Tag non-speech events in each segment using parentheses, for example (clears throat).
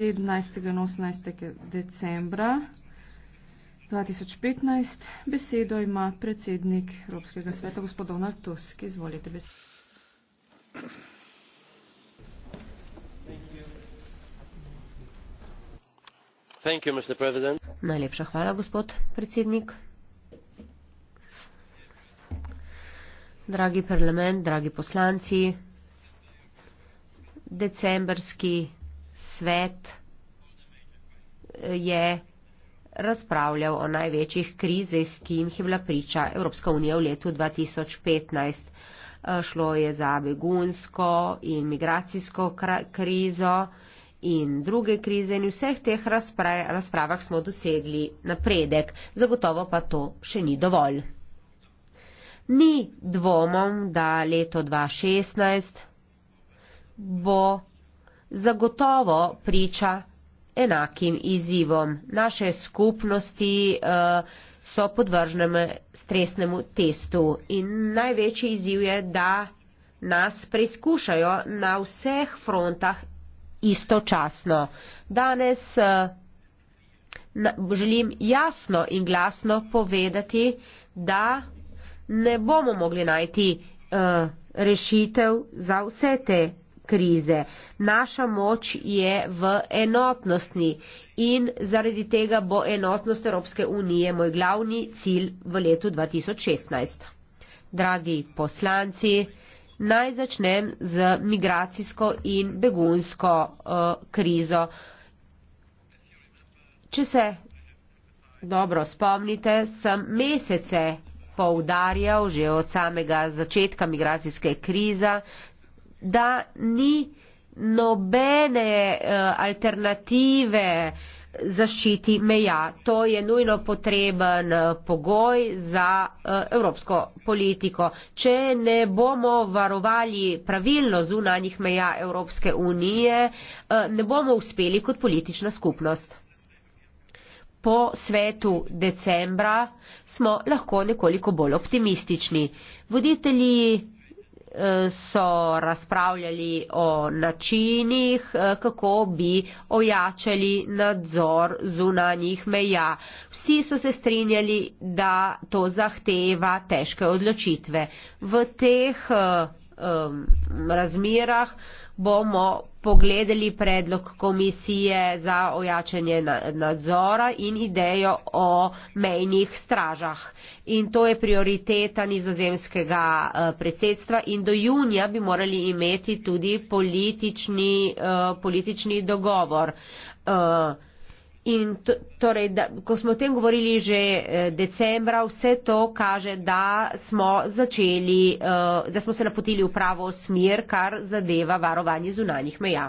17. in 18. decembra 2015. Besedo ima predsednik Evropskega sveta, gospod Donald Tusk. Izvolite besedo. You, Najlepša hvala, gospod predsednik. Dragi parlament, dragi poslanci, decembrski svet eh, je razpravljal o največjih krizih, ki jim je bila priča Evropska unija v letu 2015. Eh, šlo je za begunsko in migracijsko krizo in druge krize in v vseh teh razpravah smo dosegli napredek. Zagotovo pa to še ni dovolj. Ni dvomom, da leto 2016 bo zagotovo priča enakim izzivom. Naše skupnosti uh, so podvržene stresnemu testu in največji izziv je, da nas preizkušajo na vseh frontah istočasno. Danes uh, na, želim jasno in glasno povedati, da ne bomo mogli najti uh, rešitev za vse te krize. Naša moč je v enotnosti in zaradi tega bo enotnost Evropske unije moj glavni cilj v letu 2016. Dragi poslanci, naj začnem z migracijsko in begunsko uh, krizo. Če se dobro spomnite, sem mesece poudarjal že od samega začetka migracijske krize, da ni nobene eh, alternative zaščiti meja. To je nujno potreben eh, pogoj za eh, evropsko politiko. Če ne bomo varovali pravilno zunanjih meja Evropske unije, ne bomo uspeli kot politična skupnost. Po svetu decembra smo lahko nekoliko bolj optimistični. Voditelji so razpravljali o načinih, kako bi ojačali nadzor zunanjih meja. Vsi so se strinjali, da to zahteva težke odločitve. V teh um, razmerah uh, bomo pogledali predlog komisije za ojačanje nadzora in idejo o mejnih stražah. In to je prioriteta nizozemskega eh, predsedstva in do junija bi morali imeti tudi politični, eh, politični dogovor. Eh, In to, torej, da, ko smo o tem govorili že eh, decembra, vse to kaže, da smo, začeli, eh, da smo se napotili v pravo smer, kar zadeva varovanje zunanjih meja.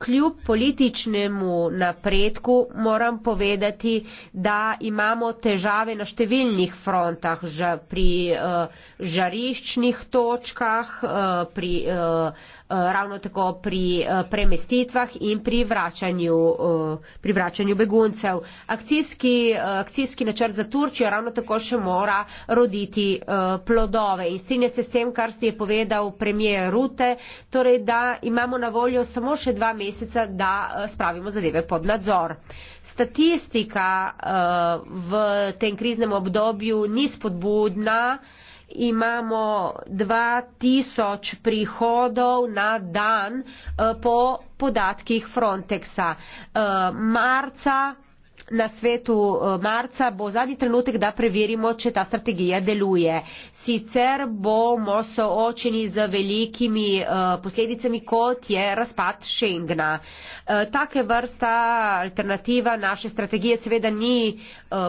Kljub političnemu napredku moram povedati, da imamo težave na številnih frontah, že pri uh, žariščnih točkah, uh, pri uh, Eh, ravno tako pri eh, premestitvah in pri vračanju, eh, pri vračanju beguncev. Akcijski, akcijski načrt za Turčijo ravno tako še mora roditi plodove. In strinja se s tem, kar ste je povedal premije Rute, torej da imamo na voljo samo še dva meseca, da spravimo zadeve pod nadzor. Statistika v tem kriznem obdobju ni spodbudna imamo 2000 prihodov na dan eh, po podatkih Frontexa. Eh, marca na svetu eh, marca bo zadnji trenutek, da preverimo, če ta strategija deluje. Sicer bomo soočeni z velikimi eh, posledicami, kot je razpad Schengna. Eh, take vrsta alternativa naše strategije seveda ni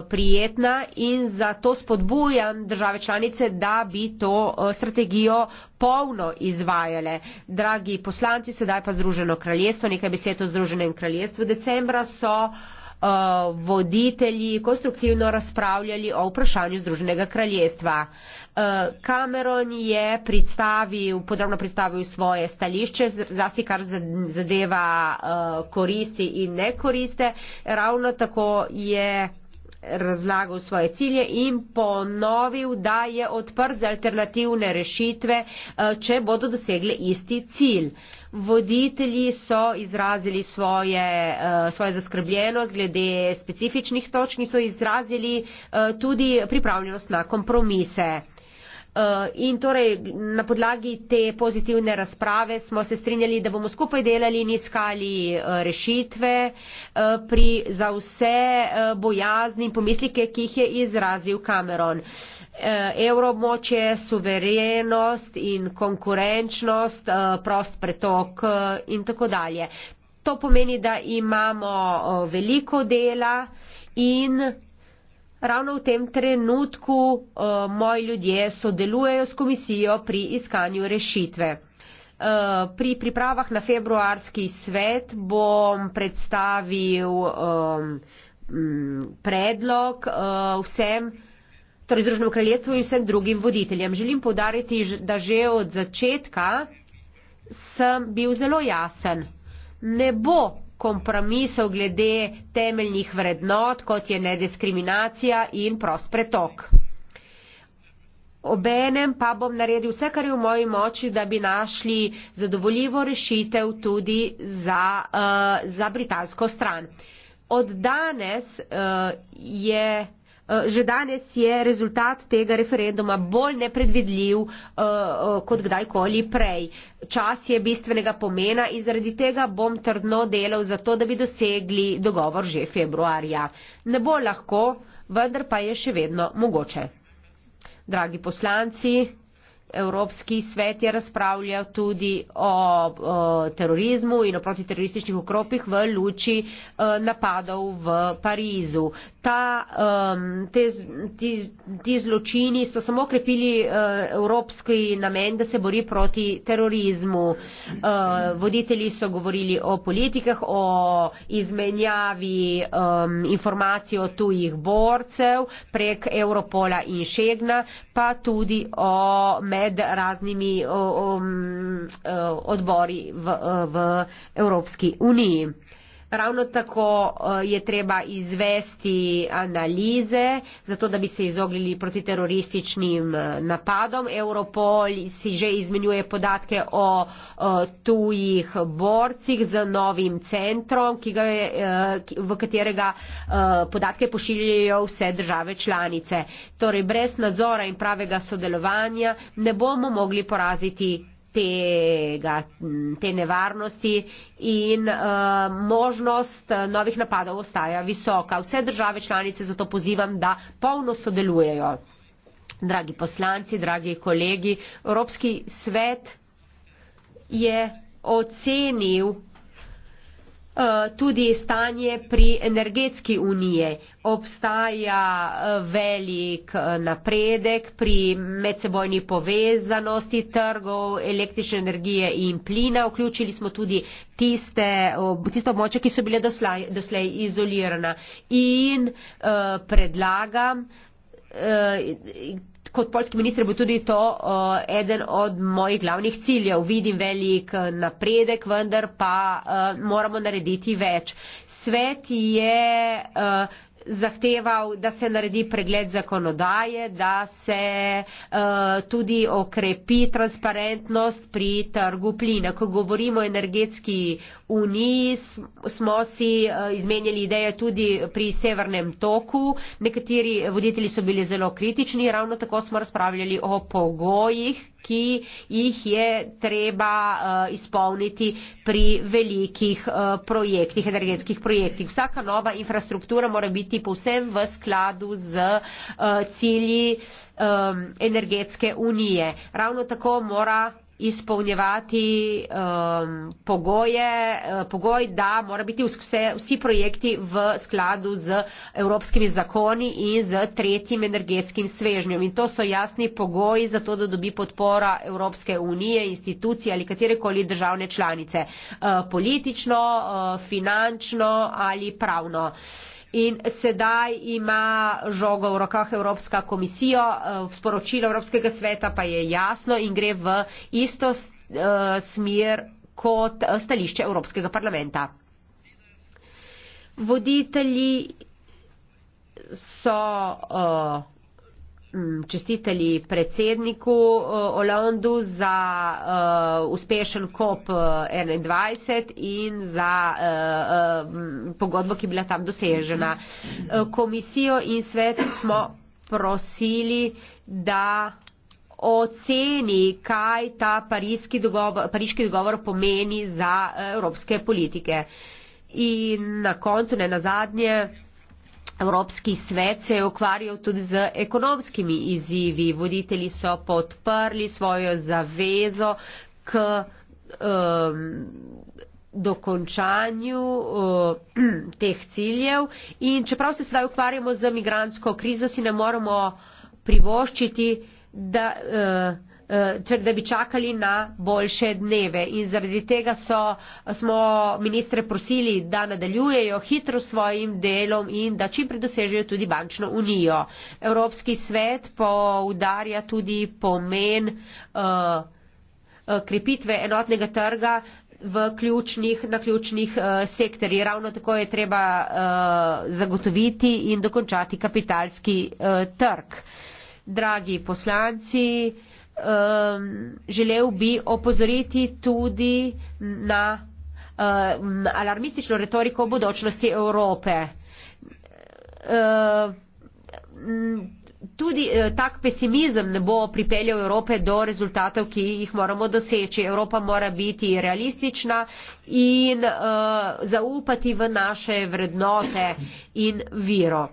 prijetna in zato spodbujam države članice, da bi to strategijo polno izvajale. Dragi poslanci, sedaj pa Združeno kraljestvo, nekaj besed o Združenem kraljestvu. Decembra so Eh, voditelji konstruktivno razpravljali o vprašanju Združenega kraljestva. Eh, Cameron je predstavil, podrobno predstavil svoje stališče, zlasti kar zadeva eh, koristi in ne koriste. Ravno tako je razlagal svoje cilje in ponovil, da je odprt za alternativne rešitve, če bodo dosegle isti cilj. Voditelji so izrazili svoje, eh, svoje zaskrbljenost glede specifičnih točk in so izrazili eh, tudi pripravljenost na kompromise. Eh, in torej na podlagi te pozitivne razprave smo se strinjali, da bomo skupaj delali in iskali rešitve pri, za vse bojazni in pomislike, ki jih je izrazil Cameron. Eh, evromočje, suverenost in konkurenčnost, eh, prost pretok eh, in tako dalje. To pomeni, da imamo veliko dela in ravno v tem trenutku moji ljudje sodelujejo s komisijo pri iskanju rešitve. Pri pripravah na februarski svet bom predstavil predlog vsem, torej Združenem kraljestvu in vsem drugim voditeljem. Želim povdariti, da že od začetka sem bil zelo jasen. Ne bo kompromisov glede temeljnih vrednot, kot je nediskriminacija in prost pretok. Obenem pa bom naredil vse, kar je v moji moči, da bi našli zadovoljivo rešitev tudi za, uh, za britansko stran. Od danes uh, je Eh, že danes je rezultat tega referenduma bolj nepredvidljiv eh, eh, kot kdajkoli prej. Čas je bistvenega pomena in zaradi tega bom trdno delal za to, da bi dosegli dogovor že februarja. Ne bo lahko, vendar pa je še vedno mogoče. Dragi poslanci, Evropski svet je razpravljal tudi o, o terorizmu in o protiterorističnih ukropih v luči o, e, napadov v Parizu. Ta, o, te, ti, ti zločini so samo okrepili e, evropski namen, da se bori proti terorizmu. O, e, voditelji so govorili o politikah, o izmenjavi o, informacij o tujih borcev prek Europola in Šegna, pa tudi o medijih pred raznimi o, o, o, odbori v, v Evropski uniji. Ravno tako eh, je treba izvesti analize, zato da bi se izognili protiterorističnim eh, napadom. Europol si že izmenjuje podatke o eh, tujih borcih z novim centrom, ga je, v katerega podatke pošiljajo vse države članice. Torej, brez nadzora in pravega sodelovanja ne bomo mogli poraziti tega, te nevarnosti in uh, možnost novih napadov ostaja visoka. Vse države članice zato pozivam, da polno sodelujejo. Dragi poslanci, dragi kolegi, Evropski svet je ocenil Eh, tudi stanje pri energetski unije. Obstaja eh, velik eh, napredek pri medsebojni povezanosti trgov električne energije in plina. Vključili smo tudi tiste, tiste območja, ki so bile doslej, doslej izolirana. In predlagam kot polski minister bo tudi to uh, eden od mojih glavnih ciljev. Vidim velik eh, napredek, vendar pa uh, moramo narediti več. Svet je. Uh, zahteval, da se naredi pregled zakonodaje, da se uh, tudi okrepi transparentnost pri trgu plina. Ko govorimo o energetski uniji, smo si uh, izmenjali ideje tudi pri severnem toku. Nekateri voditelji so bili zelo kritični, ravno tako smo razpravljali o pogojih, ki jih je treba uh, izpolniti pri velikih uh, projektih, energetskih projektih. Vsaka nova infrastruktura mora biti povsem v skladu z uh, cilji um, energetske unije. Ravno tako mora izpolnjevati um, pogoje, uh, pogoj, da mora biti vse, vsi projekti v skladu z evropskimi zakoni in z tretjim energetskim svežnjem. In to so jasni pogoji za to, da dobi podpora Evropske unije, institucije ali katerekoli državne članice, uh, politično, uh, finančno ali pravno. Uh, In sedaj ima žogo v rokah Evropska komisija, eh, sporočilo Evropskega sveta pa je jasno in gre v isto eh, smer kot eh, stališče Evropskega parlamenta. Voditelji so. Uh, Mm, čestitali predsedniku eh, Olandu za uh, uspešen COP21 eh, in za uh, uh, pogodbo, ki je bila tam dosežena. Komisijo in svet smo prosili, da oceni, kaj ta pariški dogovor, pariški dogovor pomeni za evropske politike. In na koncu, ne na zadnje, Evropski svet se je ukvarjal tudi z ekonomskimi izzivi. Voditelji so podprli svojo zavezo k um, dokončanju um, (clears throat) teh ciljev. In čeprav se sedaj ukvarjamo z migransko krizo, si ne moremo privoščiti, da. Uh, Eh, da bi čakali na boljše dneve. In zaradi tega so, smo ministre prosili, da nadaljujejo hitro s svojim delom in da čim predosežejo tudi bančno unijo. Evropski svet poudarja tudi pomen eh, eh, krepitve enotnega trga ključnih, na ključnih sektorjih. Ravno tako je treba zagotoviti in dokončati kapitalski trg. Dragi poslanci, uh, um, želel bi opozoriti tudi na um, alarmistično retoriko o bodočnosti Evrope. Um, Tudi eh, tak pesimizem ne bo pripeljal Evrope do rezultatov, ki jih moramo doseči. Evropa mora biti realistična in eh, zaupati v naše vrednote in viro.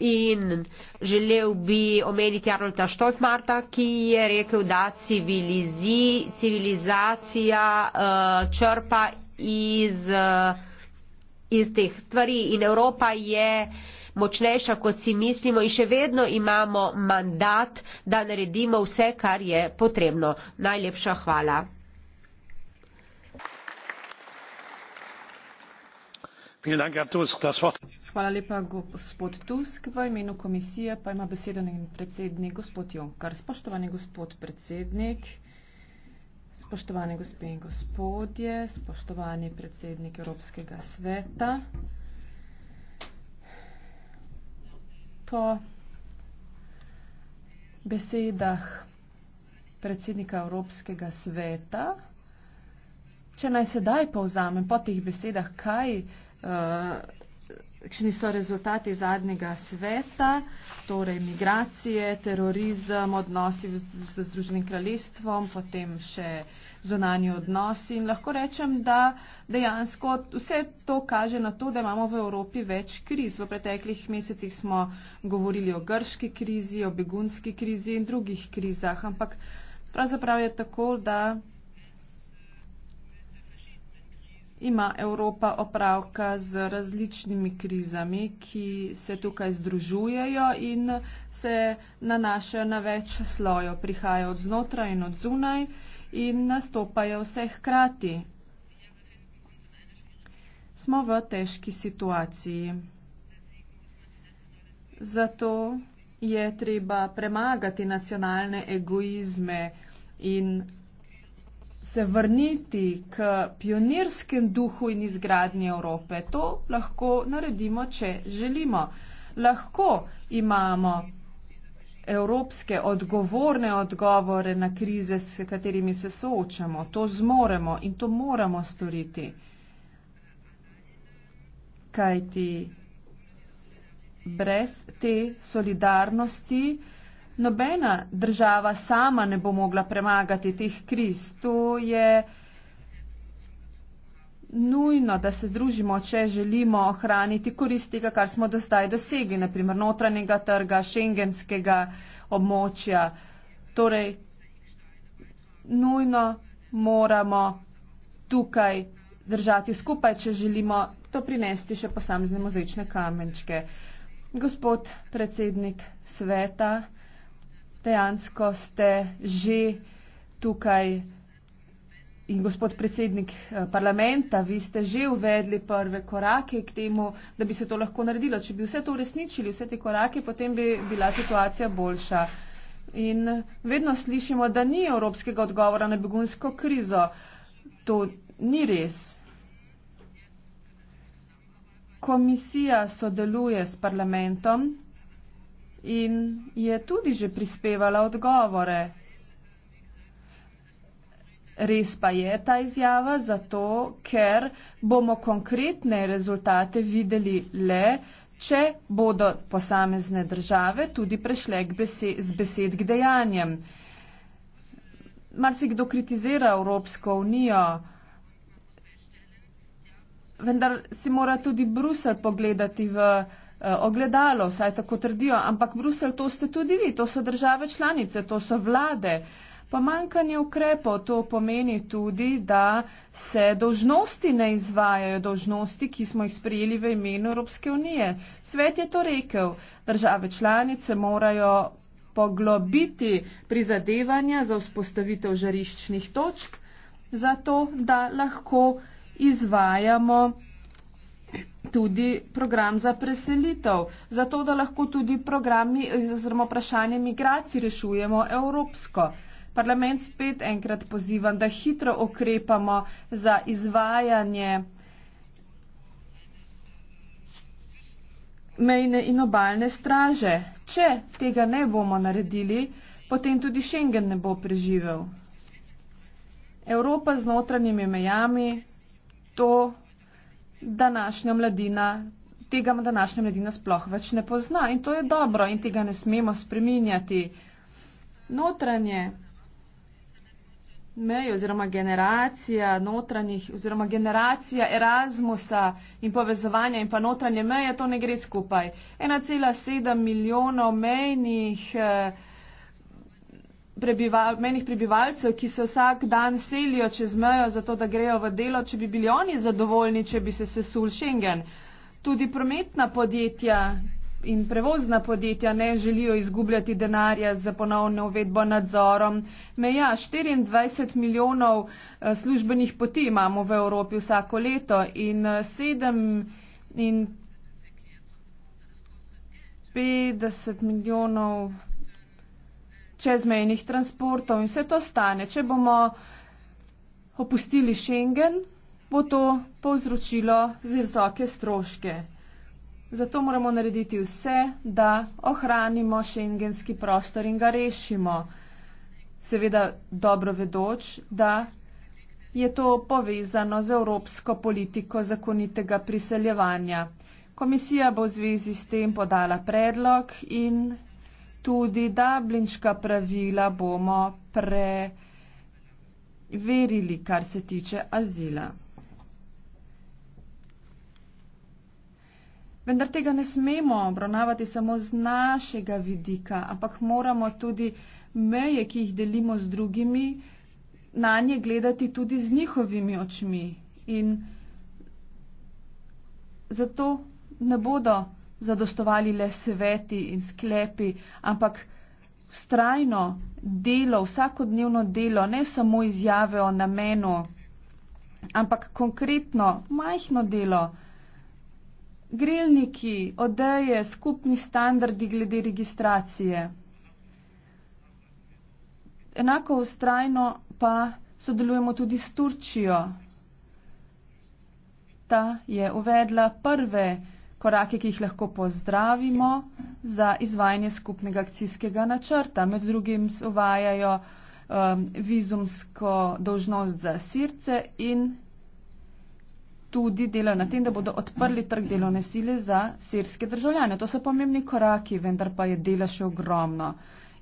In želel bi omeniti Arnolda Stoltmarta, ki je rekel, da civilizi, civilizacija uh, črpa iz, uh, iz teh stvari in Evropa je močnejša, kot si mislimo in še vedno imamo mandat, da naredimo vse, kar je potrebno. Najlepša hvala. Vielen Dank, Herr Tusk. Das Wort Hvala lepa, gospod Tusk. V imenu komisije pa ima besedo njen predsednik, gospod Jonkar. Spoštovani gospod predsednik, spoštovane gospe in gospodje, spoštovani predsednik Evropskega sveta. Po besedah predsednika Evropskega sveta, če naj sedaj povzamem po teh besedah, kaj uh, Kakšni so rezultati zadnjega sveta, torej migracije, terorizem, odnosi z Združenim kraljestvom, potem še zonanje odnosi in lahko rečem, da dejansko vse to kaže na to, da imamo v Evropi več kriz. V preteklih mesecih smo govorili o grški krizi, o begunski krizi in drugih krizah, ampak pravzaprav je tako, da ima Evropa opravka z različnimi krizami, ki se tukaj združujejo in se nanašajo na več slojev, prihajajo od znotraj in od zunaj in nastopajo vse hkrati. Smo v težki situaciji. Zato je treba premagati nacionalne egoizme in se vrniti k pionirskem duhu in izgradnji Evrope. To lahko naredimo, če želimo. Lahko imamo evropske odgovorne odgovore na krize, s katerimi se soočamo. To zmoremo in to moramo storiti. Kajti brez te solidarnosti, Nobena država sama ne bo mogla premagati teh kriz. To je nujno, da se združimo, če želimo ohraniti koristi, kar smo do zdaj dosegli, naprimer notranjega trga, šengenskega območja. Torej, nujno moramo tukaj držati skupaj, če želimo to prinesti še posamezne mozečne kamenčke. Gospod predsednik sveta, dejansko ste že tukaj in gospod predsednik eh, parlamenta, vi ste že uvedli prve korake k temu, da bi se to lahko naredilo. Če bi vse to uresničili, vse te korake, potem bi bila situacija boljša. In vedno slišimo, da ni evropskega odgovora na begunsko krizo. To ni res. Komisija sodeluje s parlamentom in je tudi že prispevala odgovore. Res pa je ta izjava zato, ker bomo konkretne rezultate videli le, če bodo posamezne države tudi prešle z besed k dejanjem. Marsikdo kritizira Evropsko unijo, vendar si mora tudi Brusel pogledati v Eh, ogledalo, saj tako trdijo, ampak Brusel to ste tudi vi, to so države članice, to so vlade. Pomankanje ukrepov to pomeni tudi, da se dožnosti ne izvajajo, dožnosti, ki smo jih sprejeli v imenu Evropske unije. Svet je to rekel, države članice morajo poglobiti prizadevanja za vzpostavitev žariščnih točk, zato da lahko izvajamo tudi program za preselitev, zato da lahko tudi programi oziroma vprašanje migracij rešujemo evropsko. Parlament spet enkrat pozivam, da hitro okrepamo za izvajanje mejne in obaljne straže. Če tega ne bomo naredili, potem tudi Schengen ne bo preživel. Evropa z notranjimi mejami to današnja mladina, tega današnja mladina sploh več ne pozna in to je dobro in tega ne smemo spreminjati. Notranje meje oziroma generacija notranjih oziroma generacija Erasmusa in povezovanja in pa notranje meje, to ne gre skupaj. 1,7 milijonov mejnih eh, prebival, menih prebivalcev, ki se vsak dan selijo čez mejo za to, da grejo v delo, če bi bili oni zadovoljni, če bi se sesul Schengen. Tudi prometna podjetja in prevozna podjetja ne želijo izgubljati denarja za ponovno uvedbo nadzorom. Meja 24 milijonov eh, službenih poti imamo v Evropi vsako leto in 7 eh, in 50 milijonov čezmejnih transportov in vse to stane. Če bomo opustili Schengen, bo to povzročilo visoke stroške. Zato moramo narediti vse, da ohranimo šengenski prostor in ga rešimo. Seveda dobro vedoč, da je to povezano z evropsko politiko zakonitega priseljevanja. Komisija bo v zvezi s tem podala predlog in tudi dublinska pravila bomo preverili, kar se tiče azila. Vendar tega ne smemo obravnavati samo z našega vidika, ampak moramo tudi meje, ki jih delimo z drugimi, na nje gledati tudi z njihovimi očmi. In zato ne bodo zadostovali le sveti in sklepi, ampak strajno delo, vsakodnevno delo, ne samo izjave o namenu, ampak konkretno majhno delo. Grilniki, odeje, skupni standardi glede registracije. Enako ustrajno pa sodelujemo tudi s Turčijo. Ta je uvedla prve korake, ki jih lahko pozdravimo za izvajanje skupnega akcijskega načrta. Med drugim uvajajo um, vizumsko dožnost za sirce in tudi delajo na tem, da bodo odprli trg delovne sile za sirske državljane. To so pomembni koraki, vendar pa je dela še ogromno.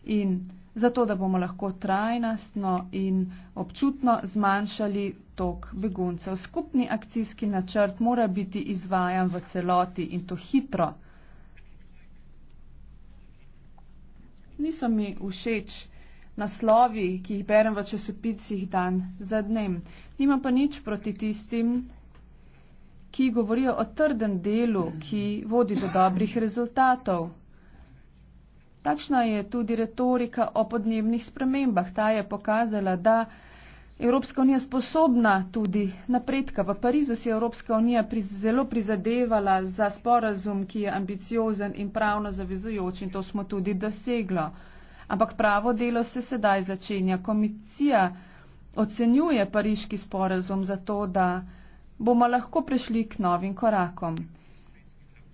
In zato da bomo lahko trajnostno in občutno zmanjšali tok beguncev. Skupni akcijski načrt mora biti izvajan v celoti in to hitro. Niso mi všeč naslovi, ki jih berem v časopisih dan za dnem. Nimam pa nič proti tistim, ki govorijo o trdem delu, ki vodi do dobrih rezultatov. Takšna je tudi retorika o podnebnih spremembah. Ta je pokazala, da Evropska unija sposobna tudi napredka. V Parizu si je Evropska unija pri, zelo prizadevala za sporazum, ki je ambiciozen in pravno zavezujoč in to smo tudi doseglo. Ampak pravo delo se sedaj začenja. Komisija ocenjuje pariški sporazum za to, da bomo lahko prišli k novim korakom.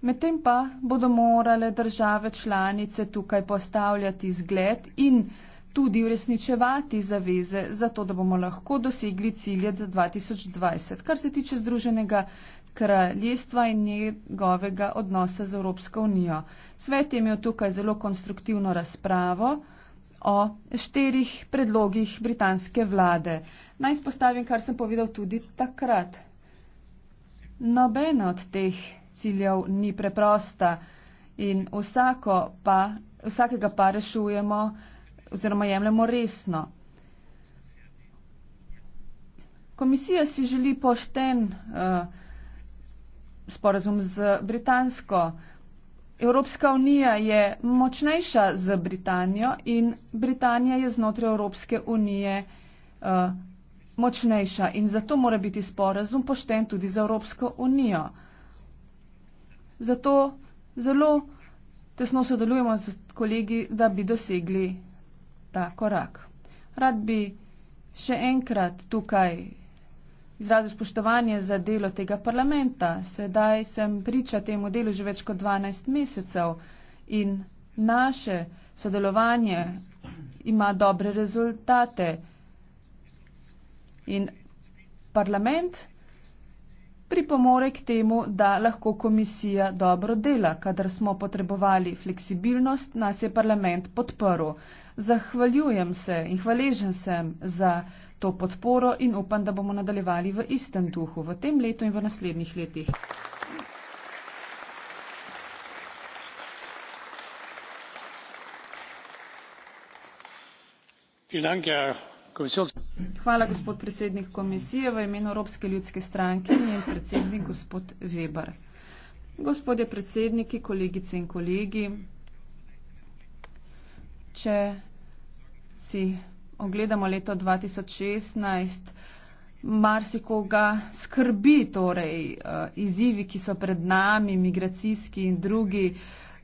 Medtem pa bodo morale države članice tukaj postavljati zgled in tudi uresničevati zaveze, zato da bomo lahko dosegli cilje za 2020, kar se tiče Združenega kraljestva in njegovega odnosa z Evropsko unijo. Svet je imel tukaj zelo konstruktivno razpravo o štirih predlogih britanske vlade. Naj spostavim, kar sem povedal tudi takrat. Nobena od teh ciljev ni preprosta in vsako pa, vsakega pa rešujemo oziroma jemljemo resno. Komisija si želi pošten uh, sporazum z Britansko. Evropska unija je močnejša z Britanijo in Britanija je znotraj Evropske unije uh, močnejša in zato mora biti sporazum pošten tudi za Evropsko unijo. Uh, Zato zelo tesno sodelujemo z kolegi, da bi dosegli ta korak. Rad bi še enkrat tukaj izrazil spoštovanje za delo tega parlamenta. Sedaj sem priča temu delu že več kot 12 mesecev in naše sodelovanje ima dobre rezultate. In parlament pripomore k temu, da lahko komisija dobro dela. Kadar smo potrebovali fleksibilnost, nas je parlament podprl. Zahvaljujem se in hvaležen sem za to podporo in upam, da bomo nadaljevali v istem duhu v tem letu in v naslednjih letih. Vielen Dank, Herr Hvala, gospod predsednik komisije. V imenu Evropske ljudske stranke je predsednik gospod Weber. Gospodje predsedniki, kolegice in kolegi, če si ogledamo leto 2016, marsikoga skrbi torej eh, izzivi, ki so pred nami, migracijski in drugi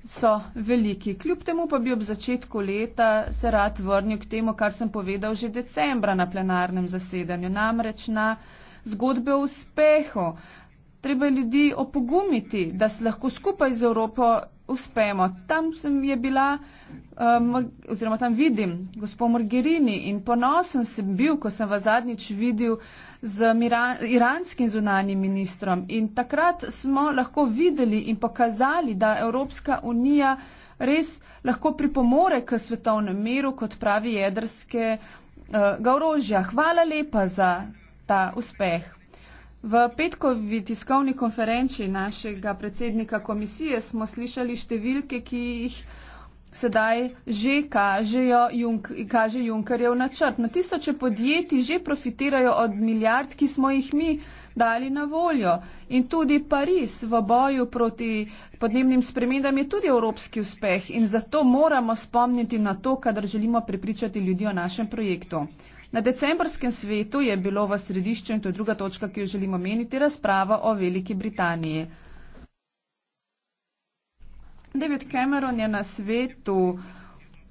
so veliki. Kljub temu pa bi ob začetku leta se rad vrnil k temu, kar sem povedal že decembra na plenarnem zasedanju, namreč na zgodbe o uspehu. Treba je ljudi opogumiti, da se lahko skupaj z Evropo uspemo. Tam sem je bila, um, oziroma tam vidim gospod Morgerini in ponosen sem bil, ko sem vas zadnjič videl z iranskim zunanjim ministrom in takrat smo lahko videli in pokazali, da Evropska unija res lahko pripomore k svetovnem miru, kot pravi jedrske eh, ga orožja. Hvala lepa za ta uspeh. V petkovi tiskovni konferenci našega predsednika komisije smo slišali številke, ki jih sedaj že kažejo, junk, kaže Junkerjev načrt. Na tisoče podjetij že profitirajo od milijard, ki smo jih mi dali na voljo. In tudi Pariz v boju proti podnebnim spremendam je tudi evropski uspeh in zato moramo spomniti na to, kadar želimo prepričati ljudi o našem projektu. Na decembrskem svetu je bilo v središču, in to je druga točka, ki jo želimo meniti, razprava o Veliki Britaniji. David Cameron je na svetu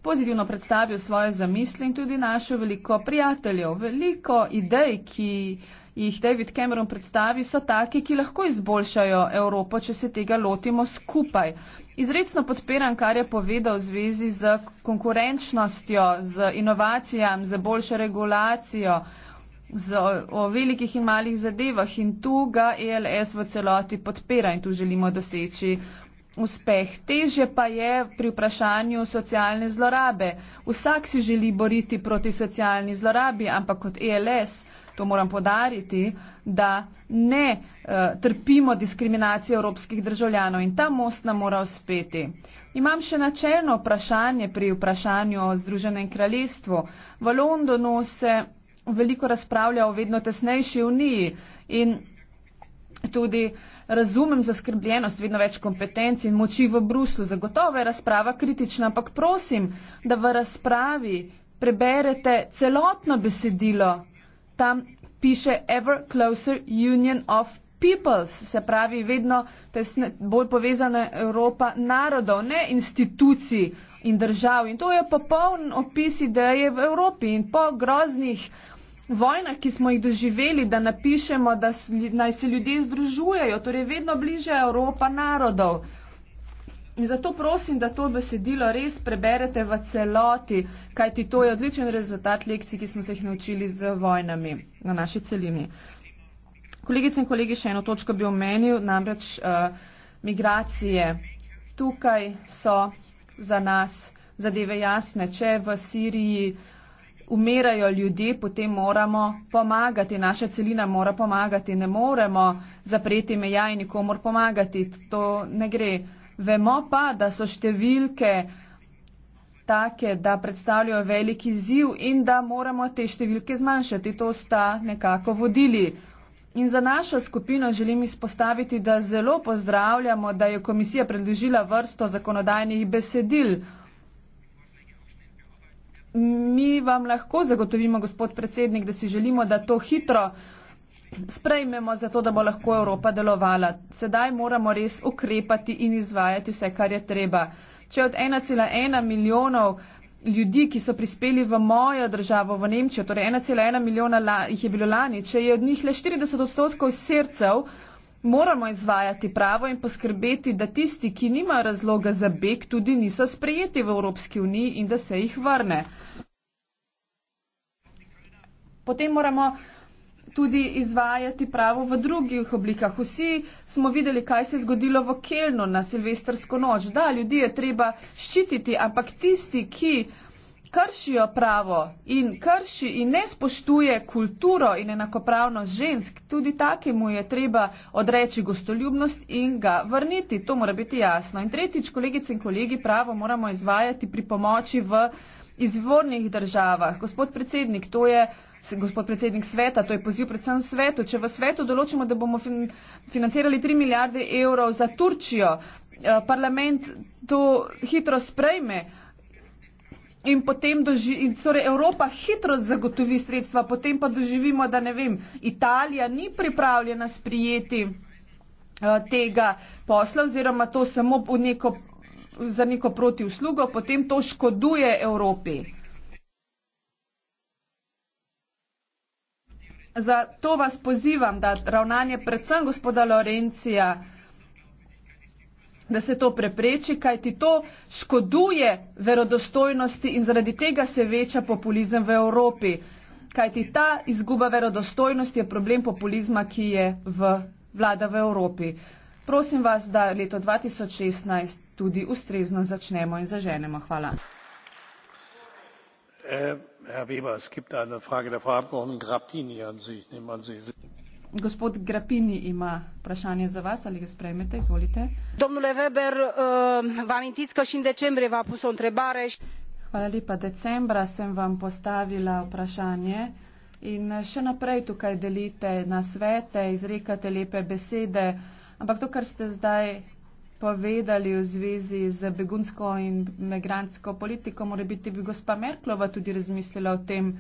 pozitivno predstavil svoje zamisli in tudi našo veliko prijateljev. Veliko idej, ki jih David Cameron predstavi, so take, ki lahko izboljšajo Evropo, če se tega lotimo skupaj. Izredno podpiram, kar je povedal v zvezi z konkurenčnostjo, z inovacijami, z boljšo regulacijo, z, o, o velikih in malih zadevah in tu ga ELS v celoti podpira in tu želimo doseči uspeh. Težje pa je pri vprašanju socialne zlorabe. Vsak si želi boriti proti socialni zlorabi, ampak kot ELS, to moram podariti, da ne uh, trpimo diskriminacije evropskih državljanov in ta most nam mora uspeti. Imam še načelno vprašanje pri vprašanju o Združenem kraljestvu. V Londonu se veliko razpravlja o vedno tesnejši uniji in tudi razumem zaskrbljenost, vedno več kompetenc in moči v Bruslu. Zagotovo je razprava kritična, ampak prosim, da v razpravi preberete celotno besedilo. Tam piše Ever Closer Union of Peoples, se pravi vedno tesne, bolj povezana Evropa narodov, ne institucij in držav. In to je popoln opis ideje v Evropi in po groznih Vojna, ki smo jih doživeli, da napišemo, da naj se ljudje združujejo, torej vedno bliže Evropa narodov. In zato prosim, da to besedilo res preberete v celoti, kajti to je odličen rezultat lekcij, ki smo se jih naučili z vojnami na naši celini. Kolegice in kolegi, še eno točko bi omenil, namreč uh, migracije. Tukaj so za nas zadeve jasne. Če v Siriji uh, umirajo ljudje, potem moramo pomagati, naša celina mora pomagati, ne moremo zapreti meja in nikomor pomagati, to ne gre. Vemo pa, da so številke take, da predstavljajo veliki ziv in da moramo te številke zmanjšati, to sta nekako vodili. In za našo skupino želim izpostaviti, da zelo pozdravljamo, da je komisija predložila vrsto zakonodajnih besedil mi vam lahko zagotovimo, gospod predsednik, da si želimo, da to hitro sprejmemo, zato da bo lahko Evropa delovala. Sedaj moramo res ukrepati in izvajati vse, kar je treba. Če od 1,1 milijonov ljudi, ki so prispeli v mojo državo, v Nemčijo, torej 1,1 milijona jih je bilo lani, če je od njih le 40 odstotkov srcev, moramo izvajati pravo in poskrbeti, da tisti, ki nimajo razloga za beg, tudi niso sprejeti v Evropski uniji in da se jih vrne. Potem moramo tudi izvajati pravo v drugih oblikah. Vsi smo videli, kaj se je zgodilo v Kelnu na Silvestrsko noč. Da, ljudi je treba ščititi, ampak tisti, ki kršijo pravo in krši in ne spoštuje kulturo in enakopravnost žensk, tudi takemu je treba odreči gostoljubnost in ga vrniti. To mora biti jasno. In tretjič, kolegice in kolegi, pravo moramo izvajati pri pomoči v izvornih državah. Gospod predsednik, to je gospod predsednik sveta, to je poziv predvsem svetu. Če v svetu določimo, da bomo fin financirali 3 milijarde evrov za Turčijo, eh, parlament to hitro sprejme. Eh, In potem doživimo, torej Evropa hitro zagotovi sredstva, potem pa doživimo, da ne vem, Italija ni pripravljena sprijeti eh, tega posla oziroma to samo neko, za neko protivslugo, potem to škoduje Evropi. Zato vas pozivam, da ravnanje predvsem gospoda Lorencija da se to prepreči, kajti to škoduje verodostojnosti in zaradi tega se veča populizem v Evropi. Kajti ta izguba verodostojnosti je problem populizma, ki je v vlada v Evropi. Prosim vas, da leto 2016 tudi ustrezno začnemo in zaženemo. Hvala. Herr Weber, es gibt eine Frage der Frau Abgeordneten Grappini an Sie. Ich nehme an, Sie sind. Gospod Grapini ima vprašanje za vas, ali ga sprejmete, izvolite. Domnule Weber, uh, um, vam intiti, ko še in decembre vam poslom trebare. Hvala lepa, decembra sem vam postavila vprašanje in uh, še naprej tukaj delite na svete, izrekate lepe besede, ampak to, kar ste zdaj povedali v zvezi z begunsko in migransko politiko, mora biti bi gospa Merklova tudi razmislila o tem,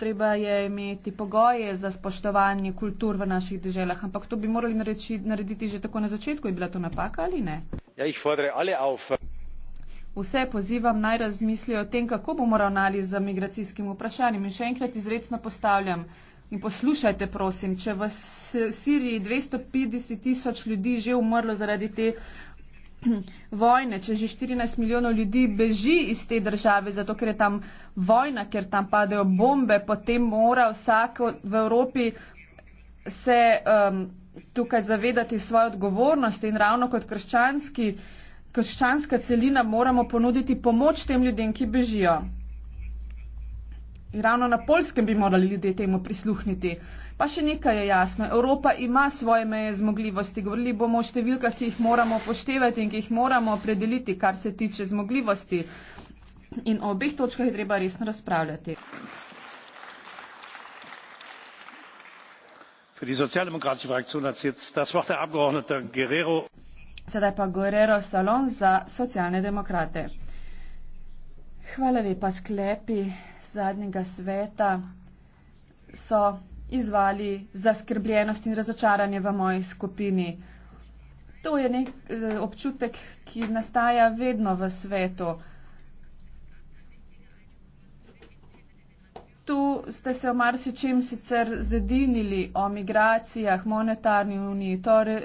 treba je imeti pogoje za spoštovanje kultur v naših deželah, ampak to bi morali nareči, narediti že tako na začetku. Je bila to napaka ali ne? Ja, Vse pozivam naj razmislijo o tem, kako bomo ravnali z migracijskim vprašanjem. In še enkrat izredno postavljam in poslušajte, prosim, če v Siriji 250 tisoč ljudi že umrlo zaradi te (clears throat) vojne, če že 14 milijonov ljudi beži iz te države, zato ker je tam vojna, ker tam padajo bombe, potem mora vsak v Evropi se um, tukaj zavedati svoje odgovornosti in ravno kot krščanski, krščanska celina moramo ponuditi pomoč tem ljudem, ki bežijo. In ravno na polskem bi morali ljudje temu prisluhniti. Pa še nekaj je jasno. Evropa ima svoje meje zmogljivosti. Govorili bomo o številkah, ki jih moramo poštevati in ki jih moramo predeliti, kar se tiče zmogljivosti. In o obeh točkah je treba resno razpravljati. Sedaj pa Guerrero Salon za socialne demokrate. Hvala lepa sklepi zadnjega sveta so izvali zaskrbljenost in razočaranje v moji skupini. To je nek eh, občutek, ki nastaja vedno v svetu. Tu ste se o marsičem sicer zedinili, o migracijah, monetarni uniji,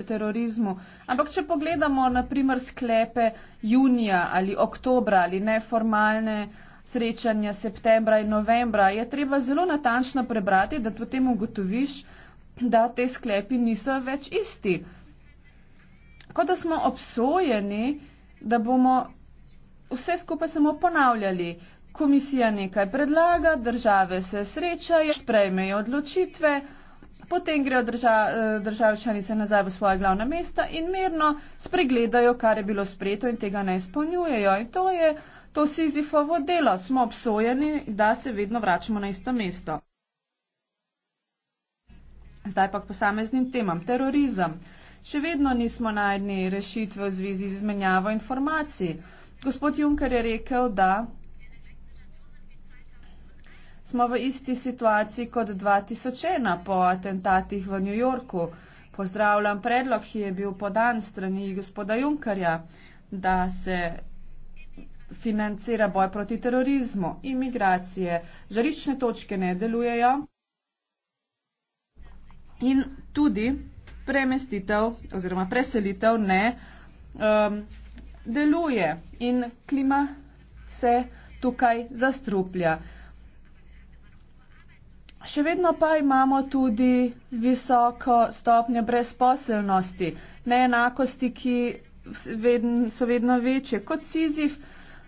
terorizmu, ampak če pogledamo naprimer sklepe junija ali oktobra ali neformalne uh, srečanja septembra in novembra, je treba zelo natančno prebrati, da potem ugotoviš, da te sklepi niso več isti. Kot da smo obsojeni, da bomo vse skupaj samo ponavljali. Komisija nekaj predlaga, države se srečajo, sprejmejo odločitve, potem grejo drža, eh, države članice nazaj v svoje glavna mesta in mirno spregledajo, kar je bilo sprejeto in tega ne izpolnjujejo. In to je To Sizifovo delo smo obsojeni, da se vedno vračamo na isto mesto. Zdaj pa k posameznim temam. Terorizem. Še vedno nismo najdni rešitve v zvezi z izmenjavo informacij. Gospod Juncker je rekel, da smo v isti situaciji kot 2001 po atentatih v New Yorku. Pozdravljam predlog, ki je bil podan strani gospoda Junckerja, da se financira boj proti terorizmu, imigracije, žarične točke ne delujejo in tudi premestitev oziroma preselitev ne um, deluje in klima se tukaj zastruplja. Še vedno pa imamo tudi visoko stopnjo brezposelnosti, neenakosti, ki so vedno večje. Kot Sizif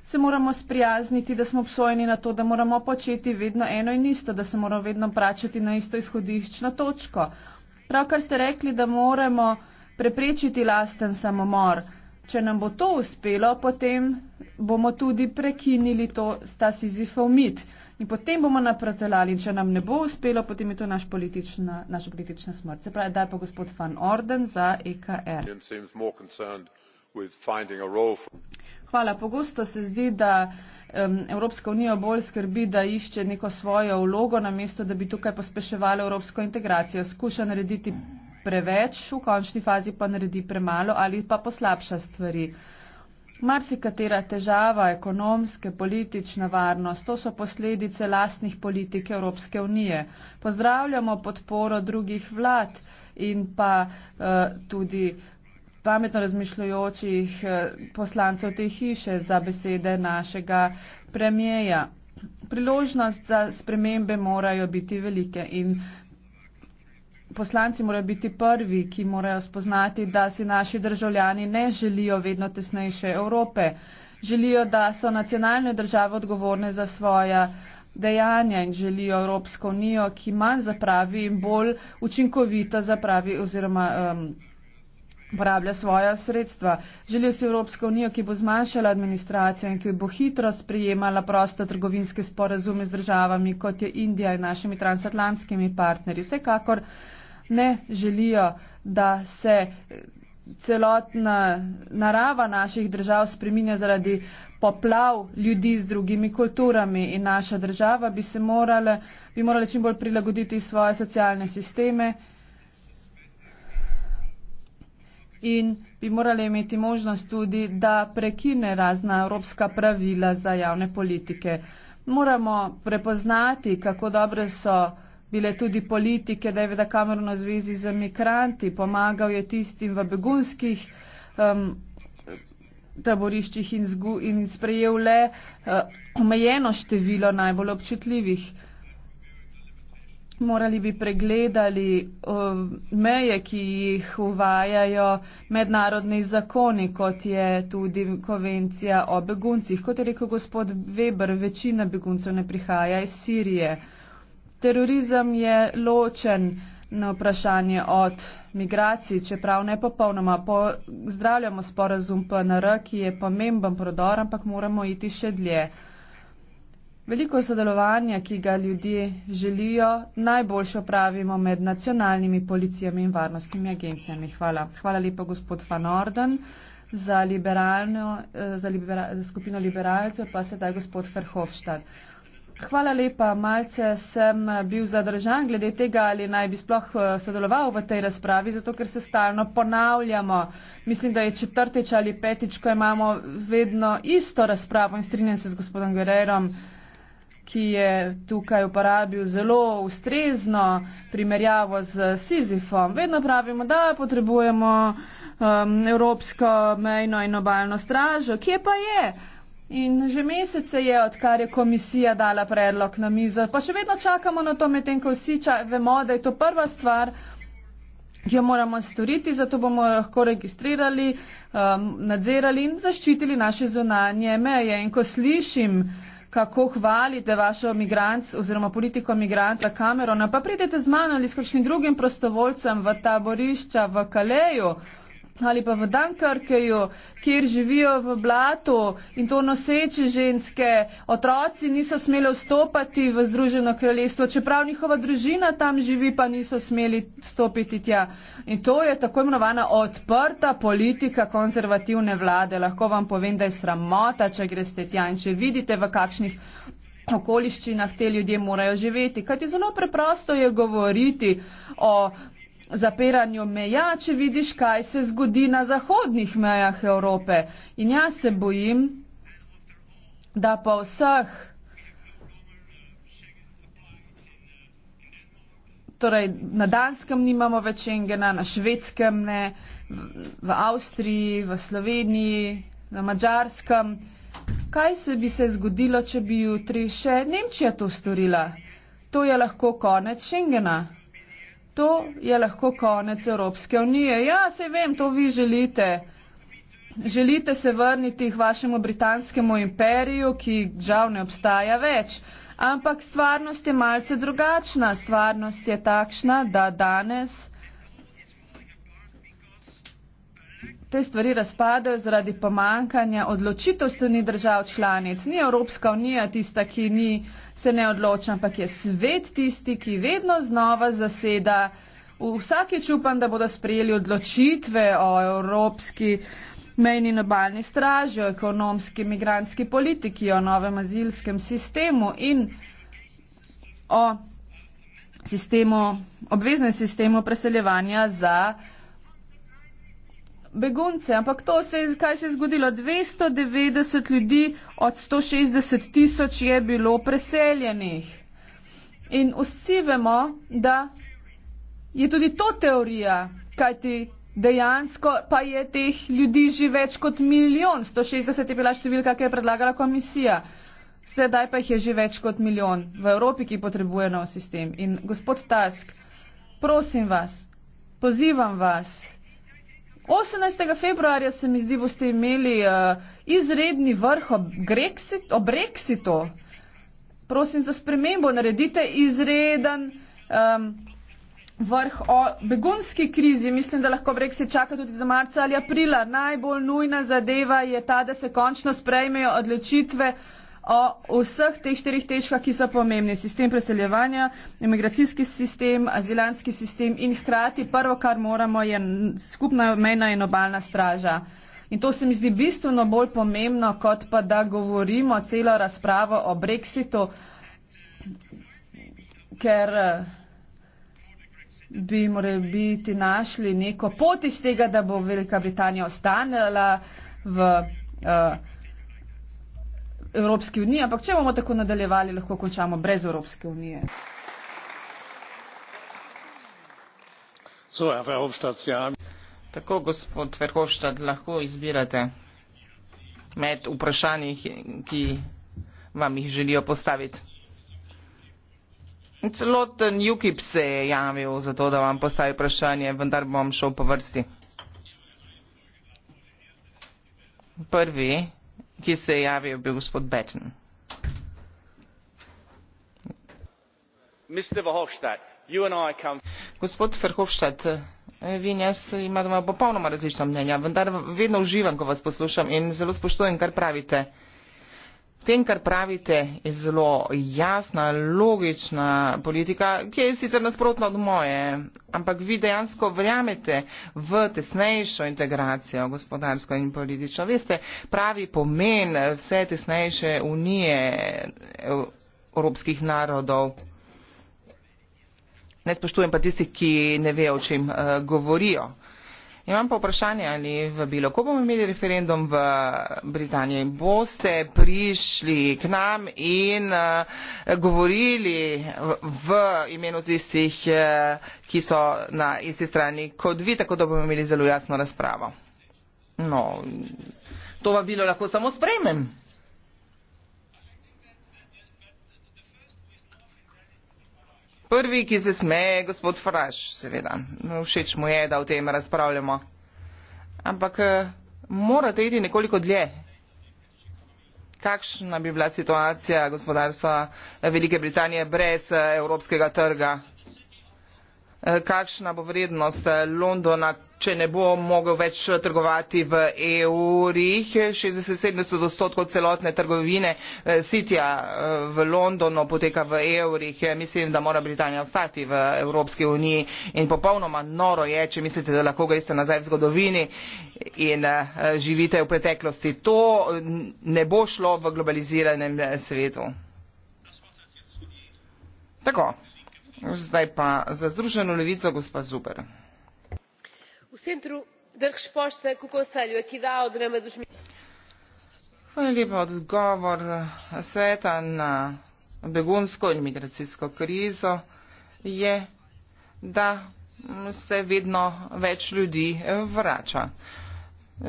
se moramo sprijazniti, da smo obsojeni na to, da moramo početi vedno eno in isto, da se moramo vedno vračati na isto izhodiščno točko. Pravkar ste rekli, da moramo preprečiti lasten samomor. Če nam bo to uspelo, potem bomo tudi prekinili to, ta sizifov mit in potem bomo napredovali. Če nam ne bo uspelo, potem je to naš politična, naša politična smrt. Se pravi, daj pa gospod Van Orden za EKR. Hvala. Pogosto se zdi, da um, Evropska unija bolj skrbi, da išče neko svojo vlogo, namesto da bi tukaj pospeševala evropsko integracijo. Skuša narediti preveč, v končni fazi pa naredi premalo ali pa poslabša stvari. Marsikatera težava, ekonomske, politična varnost, to so posledice lastnih politik Evropske unije. Pozdravljamo podporo drugih vlad in pa uh, tudi uh, pametno razmišljajočih eh, poslancev te hiše za besede našega premijeja. Priložnost za spremembe morajo biti velike in poslanci morajo biti prvi, ki morajo spoznati, da si naši državljani ne želijo vedno tesnejše Evrope. Želijo, da so nacionalne države odgovorne za svoja dejanja in želijo Evropsko unijo, ki manj zapravi in bolj učinkovito zapravi oziroma. Um, uporablja svoja sredstva. Želijo si Evropsko unijo, ki bo zmanjšala administracijo in ki bo hitro sprijemala proste trgovinske sporazume z državami, kot je Indija in našimi transatlantskimi partnerji. Vsekakor ne želijo, da se celotna narava naših držav spreminja zaradi poplav ljudi z drugimi kulturami in naša država bi se morala, bi morala čim bolj prilagoditi svoje socialne sisteme, in bi morali imeti možnost tudi, da prekine razna evropska pravila za javne politike. Moramo prepoznati, kako dobre so bile tudi politike Davida Cameron v zvezi z emigranti, pomagal je tistim v begunskih um, taboriščih in, zgu, in sprejel le uh, omejeno število najbolj občutljivih. Morali bi pregledali uh, meje, ki jih uvajajo mednarodni zakoni, kot je tudi konvencija o beguncih. Kot je rekel gospod Weber, večina beguncev ne prihaja iz Sirije. Terorizem je ločen na vprašanje od migracij, čeprav ne popolnoma. Pozdravljamo sporazum PNR, ki je pomemben prodor, ampak moramo iti še dlje. Veliko sodelovanja, ki ga ljudje želijo, najboljšo pravimo med nacionalnimi policijami in varnostnimi agencijami. Hvala. Hvala lepa, gospod Van Orden. Za, eh, za libera, skupino liberalcev pa sedaj gospod Ferhofstadt. Hvala lepa, malce sem eh, bil zadržan glede tega, ali naj bi sploh eh, sodeloval v tej razpravi, zato ker se stalno ponavljamo. Mislim, da je četrtič ali petič, ko imamo vedno isto razpravo in strinjam se z gospodom Guerrerom. Uh, ki je tukaj uporabil zelo ustrezno primerjavo z Sizifom. Vedno pravimo, da potrebujemo um, Evropsko mejno in obaljno stražo. Kje pa je? In že mesece je, odkar je komisija dala predlog na mizo, pa še vedno čakamo na to, medtem ko vsi ča, vemo, da je to prva stvar, ki jo moramo storiti, zato bomo lahko registrirali, um, nadzirali in zaščitili naše zunanje meje. In ko slišim, kako hvalite vašo migrant oziroma politiko migranta Kamerona, pa pridete z mano ali s kakšnim drugim prostovoljcem v taborišča v Kaleju ali pa v Dunkerkeju, kjer živijo v blatu in to noseče ženske, otroci niso smeli vstopati v Združeno kraljestvo, čeprav njihova družina tam živi, pa niso smeli vstopiti tja. In to je tako imenovana odprta politika konzervativne vlade. Lahko vam povem, da je sramota, če greste tja in če vidite, v kakšnih okoliščinah te ljudje morajo živeti. Kajti zelo preprosto je govoriti o zapiranju meja, če vidiš, kaj se zgodi na zahodnih mejah Evrope. In jaz se bojim, da pa vseh, torej na Danskem nimamo več engena, na Švedskem ne, v Avstriji, v Sloveniji, na Mačarskem. Kaj se bi se zgodilo, če bi jutri še Nemčija to storila? To je lahko konec Schengena to je lahko konec Evropske unije. Ja, se vem, to vi želite. Želite se vrniti k vašemu britanskemu imperiju, ki žal ne obstaja več. Ampak stvarnost je malce drugačna. Stvarnost je takšna, da danes te stvari razpadajo zaradi pomankanja odločitev strani držav članic. Ni Evropska unija tista, ki ni uh, se ne odloča, ampak je svet tisti, ki vedno znova zaseda. Vsakeč upam, da bodo sprejeli odločitve o evropski mejni in obaljni straži, o ekonomski imigranski politiki, o novem azilskem sistemu in o sistemu, obveznem sistemu preseljevanja za begunce, ampak to se je, kaj se je zgodilo, 290 ljudi od 160 tisoč je bilo preseljenih. In vsi vemo, da je tudi to teorija, kajti dejansko pa je teh ljudi že več kot milijon, 160 je bila številka, ki je predlagala komisija. Sedaj pa jih je že več kot milijon v Evropi, ki potrebuje nov sistem. In gospod Task, prosim vas, pozivam vas, 18. februarja se mi zdi, boste imeli uh, izredni vrh o, Grexit, o Brexitu. Prosim za spremembo, naredite izreden um, vrh o begunski krizi. Mislim, da lahko Brexit čaka tudi do marca ali aprila. Najbolj nujna zadeva je ta, da se končno sprejmejo odločitve o vseh teh štirih težkah, ki so pomembni. Sistem preseljevanja, imigracijski sistem, azilanski sistem in hkrati prvo, kar moramo, je skupna mejna in obalna straža. In to se mi zdi bistveno bolj pomembno, kot pa da govorimo celo razpravo o Brexitu, ker eh, bi morali biti našli neko pot iz tega, da bo Velika Britanija ostanjala v. Uh, Evropski uniji, ampak če bomo tako nadaljevali, lahko končamo brez Evropske unije. Tako, gospod Verhofstadt, lahko izbirate med vprašanji, ki vam jih želijo postaviti. Celoten UKIP se je javil za to, da vam postavi vprašanje, vendar bom šel po vrsti. Prvi ki se je javil, bil gospod Batten. Gospod Verhofstadt, vi in jaz imamo popolnoma različna mnenja, vendar vedno uživam, ko vas poslušam in zelo spoštujem, kar pravite tem, kar pravite, je zelo jasna, logična politika, ki je sicer nasprotna od moje, ampak vi dejansko verjamete v tesnejšo integracijo gospodarsko in politično. Veste, pravi pomen vse tesnejše unije e, evropskih narodov. Ne spoštujem pa tistih, ki ne vejo, o čem uh, govorijo imam pa vprašanje ali bi lahko bomo imeli referendum v britaniji boste prišli k nam in uh, govorili v, v imenu tistih uh, ki so na isti strani kot vi tako da bomo imeli zelo jasno razpravo no to vabilo lahko samo sprejmem Prvi, ki se smeje, je gospod Faraž, seveda. No, všeč mu je, da o tem razpravljamo. Ampak eh, morate iti nekoliko dlje. Kakšna bi bila situacija gospodarstva Velike Britanije brez eh, evropskega trga? Eh, kakšna bo vrednost eh, Londona, če ne bo mogel več eh, trgovati v evrih. 60-70 odstotkov celotne trgovine sitja v Londonu poteka v evrih. Mislim, da mora Britanija ostati v Evropski uniji in popolnoma noro je, če mislite, da lahko greste nazaj v zgodovini in živite v preteklosti. To ne bo šlo v globaliziranem svetu. Tako. Zdaj pa za združeno levico gospa Zuber. Hvala lepa odgovor sveta na begunsko in migracijsko krizo je, da se vedno več ljudi vrača.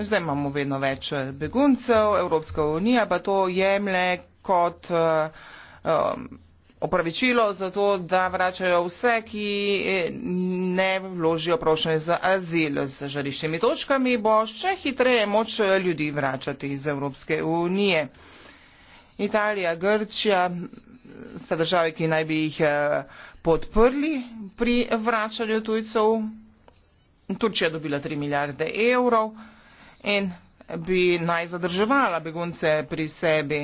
Zdaj imamo vedno več beguncev, Evropska unija pa to jemlje kot uh, um, opravičilo za to, da vračajo vse, ki eh, ne vložijo prošnje za azil. Z žariščnimi točkami bo še hitreje moč eh, ljudi vračati iz Evropske unije. Italija, Grčija eh, sta države, ki naj bi jih podprli pri vračanju tujcev. Turčija je dobila 3 milijarde evrov in bi naj zadrževala begunce pri sebi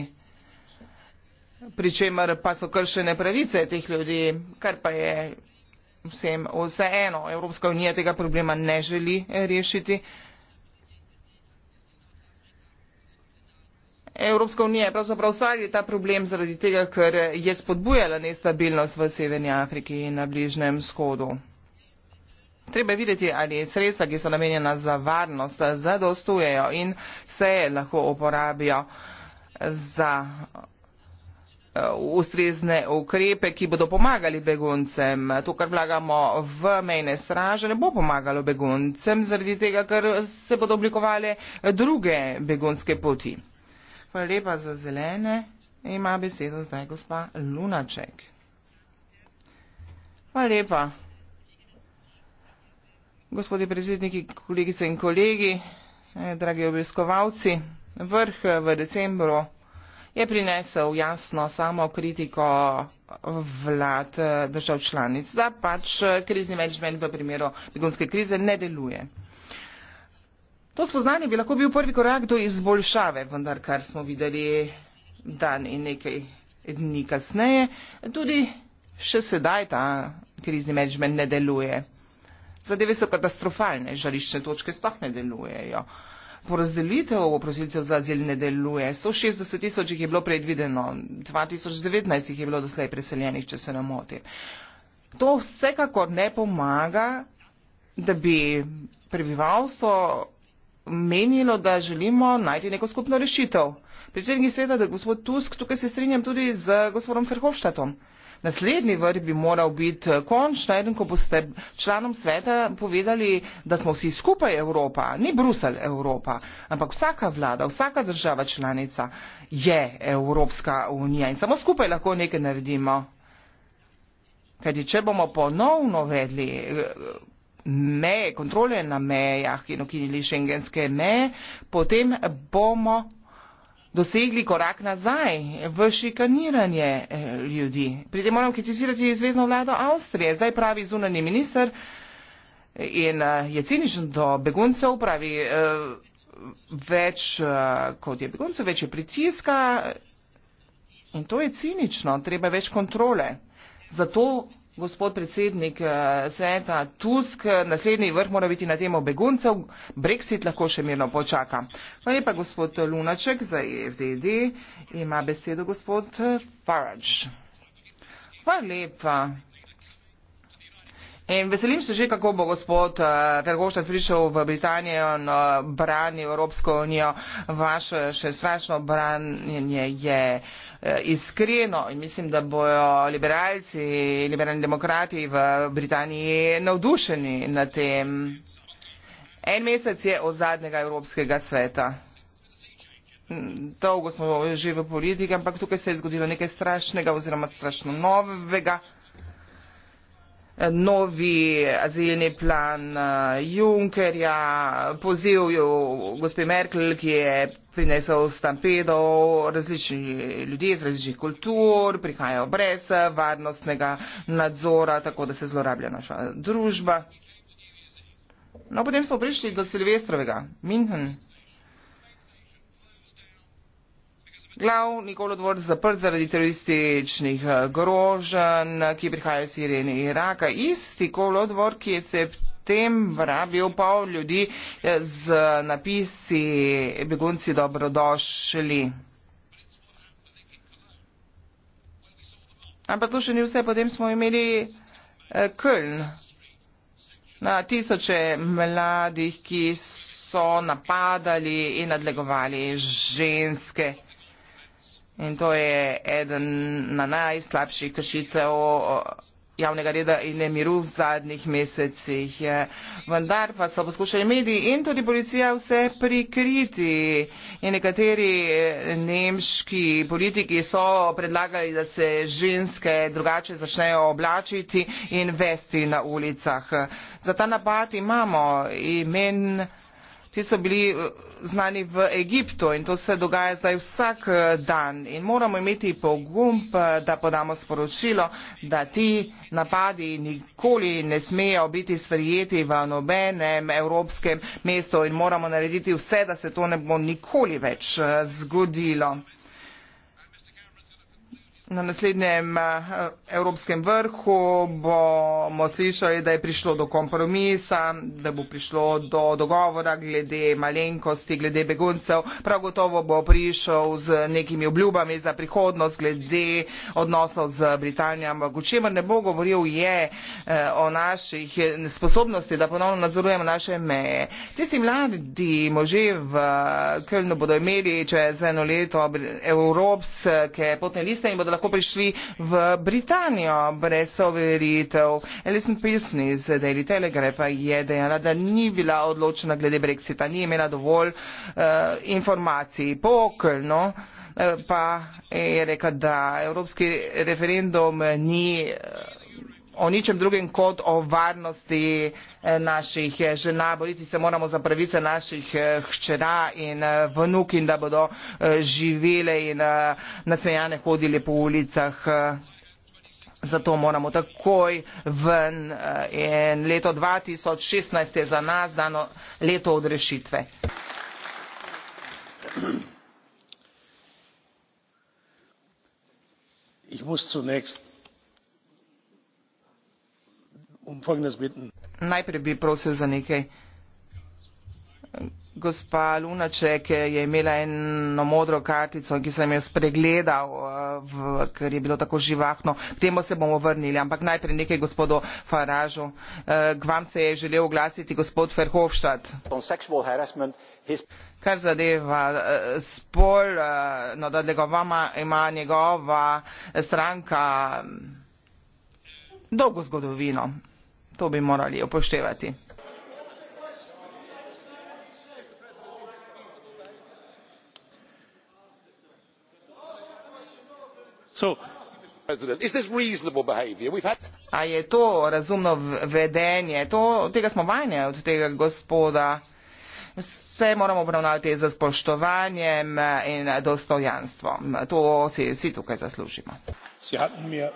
pri čemer pa so kršene pravice teh ljudi, kar pa je vsem vseeno. Evropska unija tega problema ne želi eh, rešiti. Evropska unija je pravzaprav ustvarila ta problem zaradi tega, ker je spodbujala nestabilnost v Severni Afriki in na Bližnem shodu. Treba je videti, ali sredstva, ki so namenjena za varnost, zadostujejo in se lahko uporabijo za ustrezne ukrepe, ki bodo pomagali beguncem. To, kar vlagamo v mejne straže, ne bo pomagalo beguncem, zaradi tega, ker se bodo oblikovali druge begunske poti. Hvala lepa za zelene. Ima besedo zdaj gospa Lunaček. Hvala lepa. Gospodi predsedniki, kolegice in kolegi, eh, dragi obiskovalci, vrh v decembru je prinesel jasno samokritiko vlad eh, držav članic da pač eh, krizni menedžment v primeru begunske krize ne deluje. To spoznanje bi lahko bil prvi korak do izboljšave, vendar kar smo videli dan in nekaj dni kasneje, tudi še sedaj ta krizni menedžment ne deluje. Zadeve so katastrofalne, žarišče točke sploh ne delujejo. Uh, porazdelitev oprosilcev za azil ne deluje. 160 tisoč jih je bilo predvideno, 2019 jih je bilo doslej preseljenih, če se ne motim. To vsekakor ne pomaga, da bi prebivalstvo menilo, da želimo najti neko skupno rešitev. Predsednik sveta, da gospod Tusk, tukaj se strinjam tudi z gospodom Ferhovštatom naslednji vrh bi moral biti eh, končno eden, ko boste članom sveta povedali, da smo vsi skupaj Evropa, ni Brusel Evropa, ampak vsaka vlada, vsaka država članica je Evropska unija in samo skupaj lahko nekaj naredimo. Kajti, če bomo ponovno vedli eh, meje, kontrole na mejah in okinili šengenske meje, potem bomo dosegli korak nazaj v šikaniranje eh, ljudi. Pri tem moram kritizirati zvezdno vlado Avstrije. Zdaj pravi zunani minister eh, in eh, je ciničen do beguncev, pravi več kot je beguncev, več je pritiska in to je cinično, treba več kontrole. Zato Gospod predsednik eh, sveta Tusk, naslednji vrh mora biti na temo beguncev, Brexit lahko še mirno počaka. Pa lepa gospod Lunaček za e FDD, ima besedo gospod Farage. Pa lepa. In veselim se že, kako bo gospod Vergoštat eh, prišel v Britanijo in eh, branil Evropsko unijo. Vaše še strašno branjenje je. Uh, Eh, iskreno in mislim, da bojo liberalci in liberalni demokrati v Britaniji navdušeni na tem. En mesec je od zadnjega Evropskega sveta. Dolgo smo že v politiki, ampak tukaj se je zgodilo nekaj strašnega oziroma strašno novega novi azilni plan eh, Junckerja, poziv gospe Merkel, ki je prinesel stampedo različni ljudje iz različnih kultur, prihajajo brez eh, varnostnega nadzora, tako da se zlorablja naša družba. No, potem smo prišli do Silvestrovega, Minhen. glav Nikolo Dvor zaprt zaradi terorističnih eh, groženj, ki prihajajo iz Sirije in Iraka. Isti Nikolo Dvor, ki je septembra bil pa ljudi eh, z napisi eh, Begunci dobrodošli. Ampak to še ni vse, potem smo imeli Köln. Na tisoče mladih, ki so napadali in nadlegovali ženske. In to je eden na najslabših kršitev eh, javnega reda in nemiru v zadnjih mesecih. Vendar pa so poskušali mediji in tudi policija vse prikriti. In nekateri eh, nemški politiki so predlagali, da se ženske drugače začnejo oblačiti in vesti na ulicah. Za ta napad imamo imen. Ti so bili eh, znani v Egiptu in to se dogaja zdaj vsak eh, dan. In moramo imeti pogum, eh, da podamo sporočilo, da ti napadi nikoli ne smejo biti sprijeti v nobenem evropskem mestu in moramo narediti vse, da se to ne bo nikoli več zgodilo. Na naslednjem eh, evropskem vrhu bomo slišali, da je prišlo do kompromisa, da bo prišlo do dogovora glede malenkosti, glede beguncev. Prav gotovo bo prišel z nekimi obljubami za prihodnost glede odnosov z Britanijo. Ampak o čemer ne bo govoril je eh, o naših sposobnosti, da ponovno nadzorujemo naše meje. Tisti mladi možje v Kölnu bodo imeli čez eno leto evropske potne liste in bodo lahko prišli v Britanijo brez overitev. Alison Pilsni z Daily Telegrapha je dejala, da ni bila odločena glede Brexita, ni imela dovolj uh, informacij. Pokljno uh, eh, pa je rekla, da evropski referendum ni. Uh, o ničem drugem kot o varnosti eh, naših eh, žena. Boriti se moramo za pravice naših eh, hčera in vnuk in da bodo živele in nasmejane hodili po ulicah. Zato moramo takoj ven in leto 2016 je za nas dano leto odrešitve. Ich muss zunächst Um najprej bi prosil za nekaj. Gospa Lunaček je imela eno modro kartico, ki sem jo spregledal, eh, v, ker je bilo tako živahno. K temu se bomo vrnili, ampak najprej nekaj gospodu Faražu. Eh, k vam se je želel oglasiti gospod Ferhofštad. His... Kar zadeva eh, spol, no, da ga vama ima njegova stranka mm, dolgo zgodovino. To bi morali upoštevati. A je to razumno vedenje? To, tega smo vanje od tega gospoda. Vse moramo obravnavati za spoštovanjem in dostojanstvom. To si vsi tukaj zaslužimo. Sie hatten mir,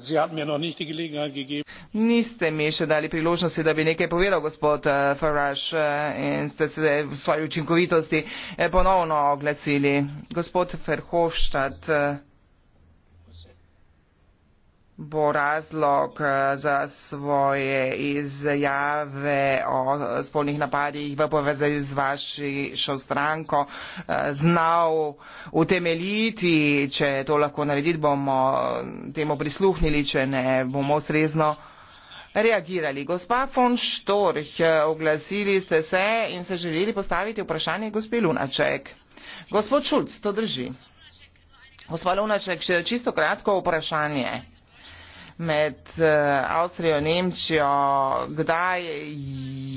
Sie hatten mir noch nicht die Gelegenheit gegeben niste mi še dali priložnosti, da bi nekaj povedal, gospod eh, Farage, eh, in ste se v svoji učinkovitosti eh, ponovno oglasili. Gospod Verhofstadt bo razlog za svoje izjave o spolnih napadih v povezavi z vašo stranko znal utemeljiti, če to lahko narediti, bomo temu prisluhnili, če ne bomo srezno reagirali. Gospa von Storch, eh, oglasili ste se in se želeli postaviti vprašanje gospe Lunaček. Gospod Šulc, to drži. Gospa Lunaček, čisto kratko vprašanje med eh, Avstrijo in Nemčijo, kdaj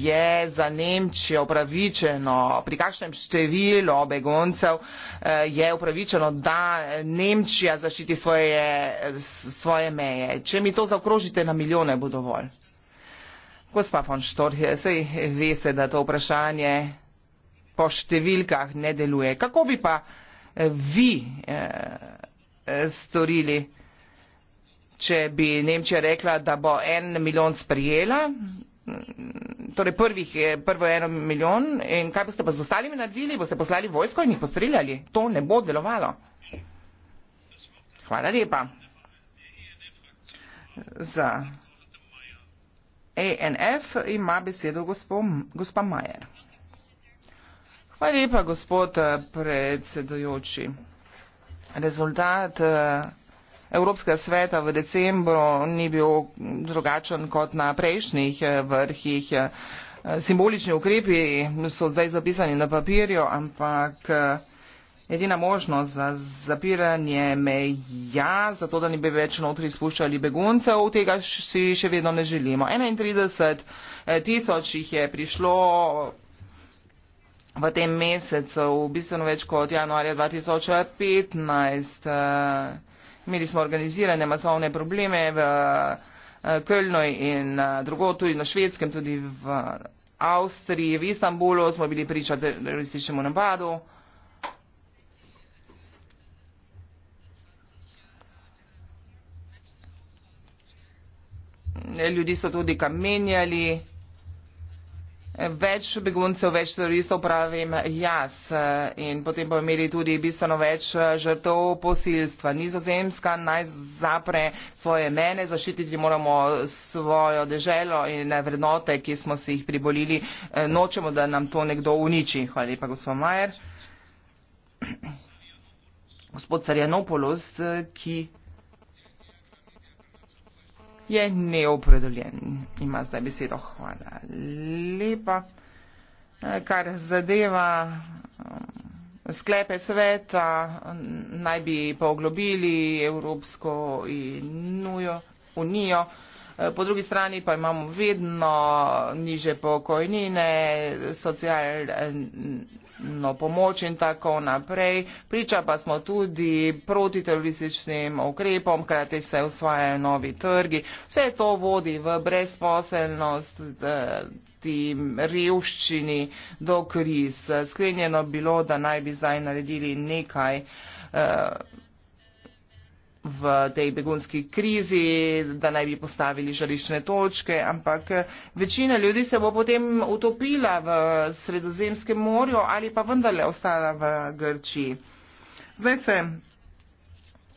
je za Nemčijo upravičeno, pri kakšnem številu beguncev eh, je upravičeno, da Nemčija zaščiti svoje, svoje meje. Če mi to zaokrožite na milijone, bo dovolj. Gospa von Štorh, sej veste, da to vprašanje po številkah ne deluje. Kako bi pa vi eh, storili? če bi nemčija rekla da bo en milijon sprijela torej prvih je prvo eno milijon in kaj boste pa z ostalimi naredili boste poslali vojsko in jih postreljali to ne bo delovalo hvala lepa za ANF e ima besedo gospa Majer. Hvala lepa, gospod eh, predsedujoči. Rezultat eh, Evropskega sveta v decembru ni bil drugačen kot na prejšnjih eh, vrhih. Eh, simbolični ukrepi so zdaj zapisani na papirju, ampak eh, edina možnost za zapiranje meja, zato da ne bi več notri spuščali beguncev, tega si še vedno ne želimo. 31 tisoč jih je prišlo v tem mesecu, v bistvu več kot januarja 2015. Imeli smo organizirane masovne probleme v eh, Kölnoj in eh, drugo, tudi na Švedskem, tudi v Avstriji, v Istanbulu smo bili priča terorističnemu napadu. Ljudi so tudi kamenjali. Več beguncev, več teroristov pravim jaz eh, in potem bomo imeli tudi bistveno več eh, žrtov posilstva. Nizozemska naj zapre svoje mene, zaščititi moramo svojo deželo in vrednote, ki smo si jih pribolili. Eh, nočemo, da nam to nekdo uniči. Hvala lepa, gospod Majer. (clears throat) Gospod Sarjanopolost, ki je neopredeljen. Ima zdaj besedo. Hvala lepa. Eh, kar zadeva eh, sklepe sveta, naj bi poglobili Evropsko unijo. Eh, po drugi strani pa imamo vedno niže pokojnine, socialne humanitarno pomoč in tako naprej. Priča pa smo tudi protiterorističnim ukrepom, krati se osvajajo novi trgi. Vse to vodi v brezposelnost. Eh, Tim revščini do kriz. Sklenjeno bilo, da naj bi zdaj naredili nekaj. Uh, v tej begunski krizi, da naj bi postavili žarišne točke, ampak večina ljudi se bo potem utopila v Sredozemskem morju ali pa vendarle ostala v Grčiji. Zdaj se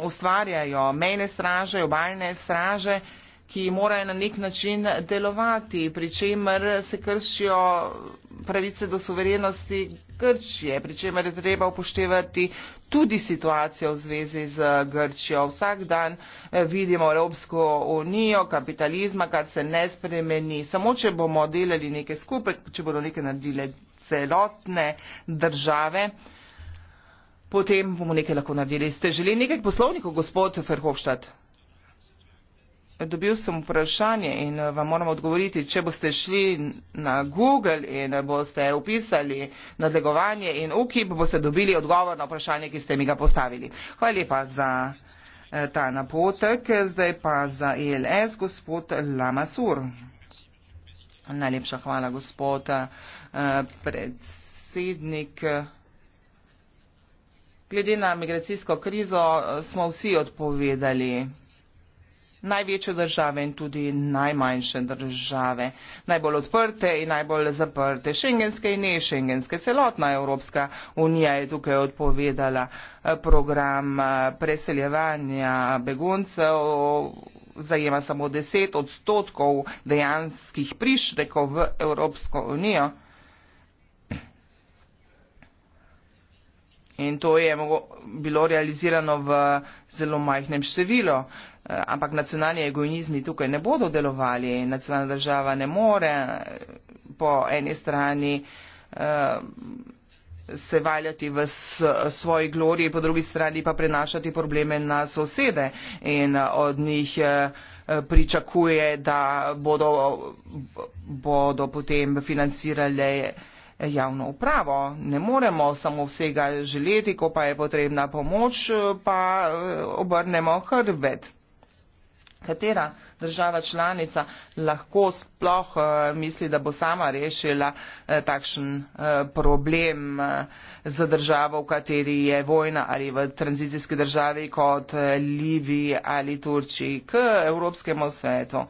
ustvarjajo mejne straže, obaljne straže ki morajo na nek način delovati, pri čemer se kršijo pravice do suverenosti Grčije, pri čemer je treba upoštevati tudi situacijo v zvezi z Grčijo. Vsak dan eh, vidimo Evropsko unijo, kapitalizma, kar se ne spremeni. Samo, če bomo delali neke skupaj, če bodo neke naredile celotne države, potem bomo nekaj lahko naredili. Ste želeli nekaj poslovnikov, gospod Ferhofštad? Dobil sem vprašanje in eh, vam moram odgovoriti, če boste šli na Google in boste upisali nadlegovanje in UKIP, boste dobili odgovor na vprašanje, ki ste mi ga postavili. Hvala lepa za eh, ta napotek. Zdaj pa za ILS, e gospod Lamasur. Najlepša hvala, gospod eh, predsednik. Glede na migracijsko krizo smo vsi odpovedali največje države in tudi najmanjše države, najbolj odprte in najbolj zaprte, šengenske in nešengenske. Celotna Evropska unija je tukaj odpovedala eh, program eh, preseljevanja beguncev, zajema samo 10 odstotkov dejanskih prišrekov v Evropsko unijo. In to je bilo realizirano v zelo majhnem številu. Eh, ampak nacionalni egoizmi tukaj ne bodo delovali. Nacionalna država ne more eh, po eni strani eh, se valjati v svoji gloriji, po drugi strani pa prenašati probleme na sosede in od njih pričakuje, da bodo, bodo potem financirali javno upravo. Ne moremo samo vsega želeti, ko pa je potrebna pomoč, pa obrnemo hrbet katera država članica lahko sploh eh, misli, da bo sama rešila eh, takšen eh, problem za državo, v kateri je vojna ali v tranzicijski državi kot Livi ali Turčiji k Evropskemu svetu.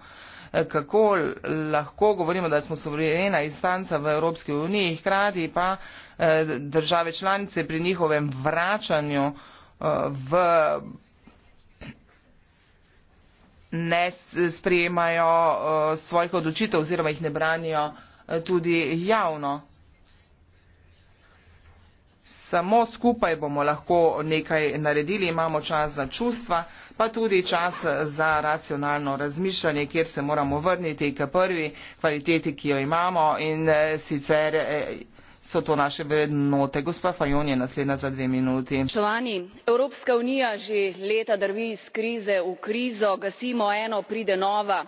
Kako lahko govorimo, da smo suverena instanca v Evropski uniji, hkrati pa države članice pri njihovem vračanju v ne sprejemajo eh, svojih odločitev oziroma jih ne branijo eh, tudi javno. Samo skupaj bomo lahko nekaj naredili, imamo čas za čustva, pa tudi čas za racionalno razmišljanje, kjer se moramo vrniti k prvi kvaliteti, ki jo imamo in eh, sicer so to naše vrednote. gospa fajon je naslednja za dve minuti. evropska unija že leta drvi iz krize v krizo gasimo eno pride nova.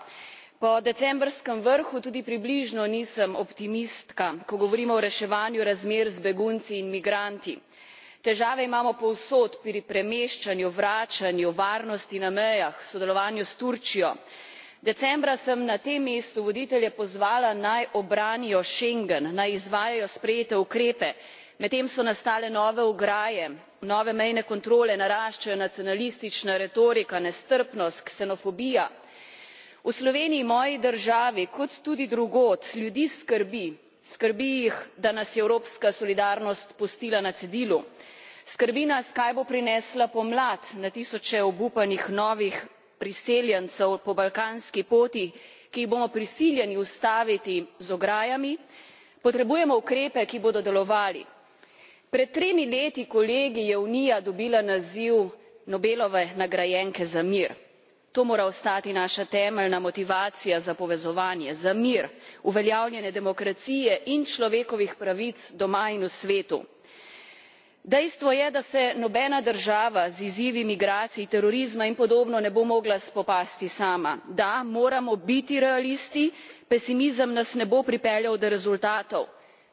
po decembrskem vrhu tudi približno nisem optimistka ko govorimo o reševanju razmer z begunci in migranti. težave imamo povsod pri premeščanju vračanju varnosti na mejah sodelovanju s turčijo decembra sem na tem mestu voditelje pozvala naj obranijo schengen naj izvajajo sprejete ukrepe medtem so nastale nove ograje nove mejne kontrole naraščajo nacionalistična retorika nestrpnost ksenofobija. v sloveniji moji državi kot tudi drugod ljudi skrbi skrbi jih da nas je evropska solidarnost pustila na cedilu skrbi nas kaj bo prinesla pomlad na tisoče obupanih novih priseljencev po balkanski poti ki jih bomo prisiljeni ustaviti z ograjami potrebujemo ukrepe ki bodo delovali. pred tremi leti kolegi je unija dobila naziv nobelove nagrajenke za mir. to mora ostati naša temeljna motivacija za povezovanje za mir uveljavljanje demokracije in človekovih pravic doma in v svetu dejstvo je da se nobena država z izzivi migracij terorizma in podobno ne bo mogla spopasti sama. da moramo biti realisti pesimizem nas ne bo pripeljal do rezultatov.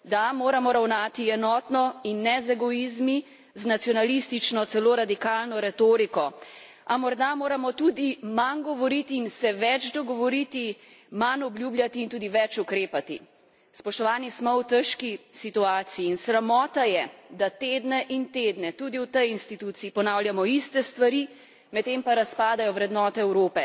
da moramo ravnati enotno in ne z egoizmi z nacionalistično celo radikalno retoriko. a morda moramo tudi manj govoriti in se več dogovoriti manj obljubljati in tudi več ukrepati spoštovani smo v težki situaciji in sramota je da tedne in tedne tudi v tej instituciji ponavljamo iste stvari medtem pa razpadajo vrednote evrope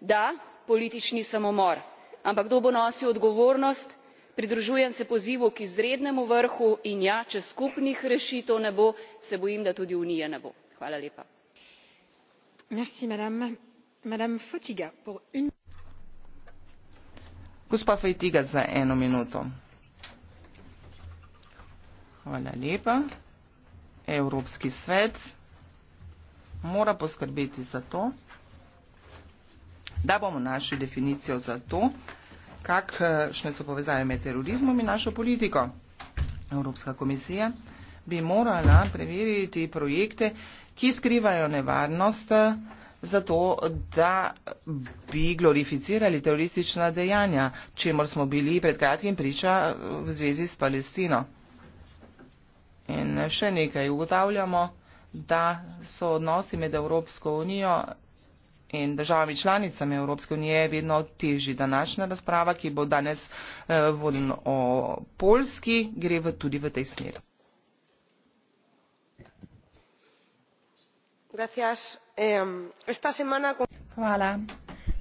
da politični samomor ampak kdo bo nosil odgovornost pridružujem se pozivu k izrednemu vrhu in ja če skupnih rešitev ne bo se bojim da tudi unije ne bo. Gospa Fejtiga za eno minuto. Hvala lepa. Evropski svet mora poskrbeti za to, da bomo našli definicijo za to, kakšne so povezave med terorizmom in našo politiko. Evropska komisija bi morala preveriti projekte, ki skrivajo nevarnost, zato, da bi glorificirali teroristična dejanja, čemor smo bili pred kratkim priča v zvezi s Palestino. In še nekaj ugotavljamo, da so odnosi med Evropsko unijo in državami članicami Evropske unije vedno težji. Današnja razprava, ki bo danes eh, vodena o Polski, gre v, tudi v tej smeri.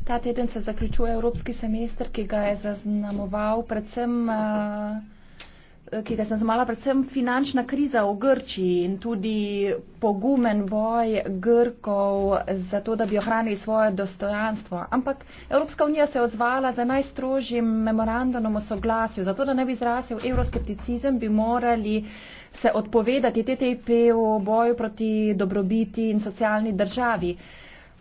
ta teden se zaključuje evropski semester ki ga je zaznamoval predvsem eh, ki ga je zaznamovala predvsem finančna kriza v grčiji in tudi pogumen boj grkov za to da bi ohranili svoje dostojanstvo ampak evropska unija se je odzvala z najstrožjim memorandumom o soglasju zato da ne bi zrasel evroskepticizem bi morali se odpovedati TTIP v boju proti dobrobiti in socialni državi.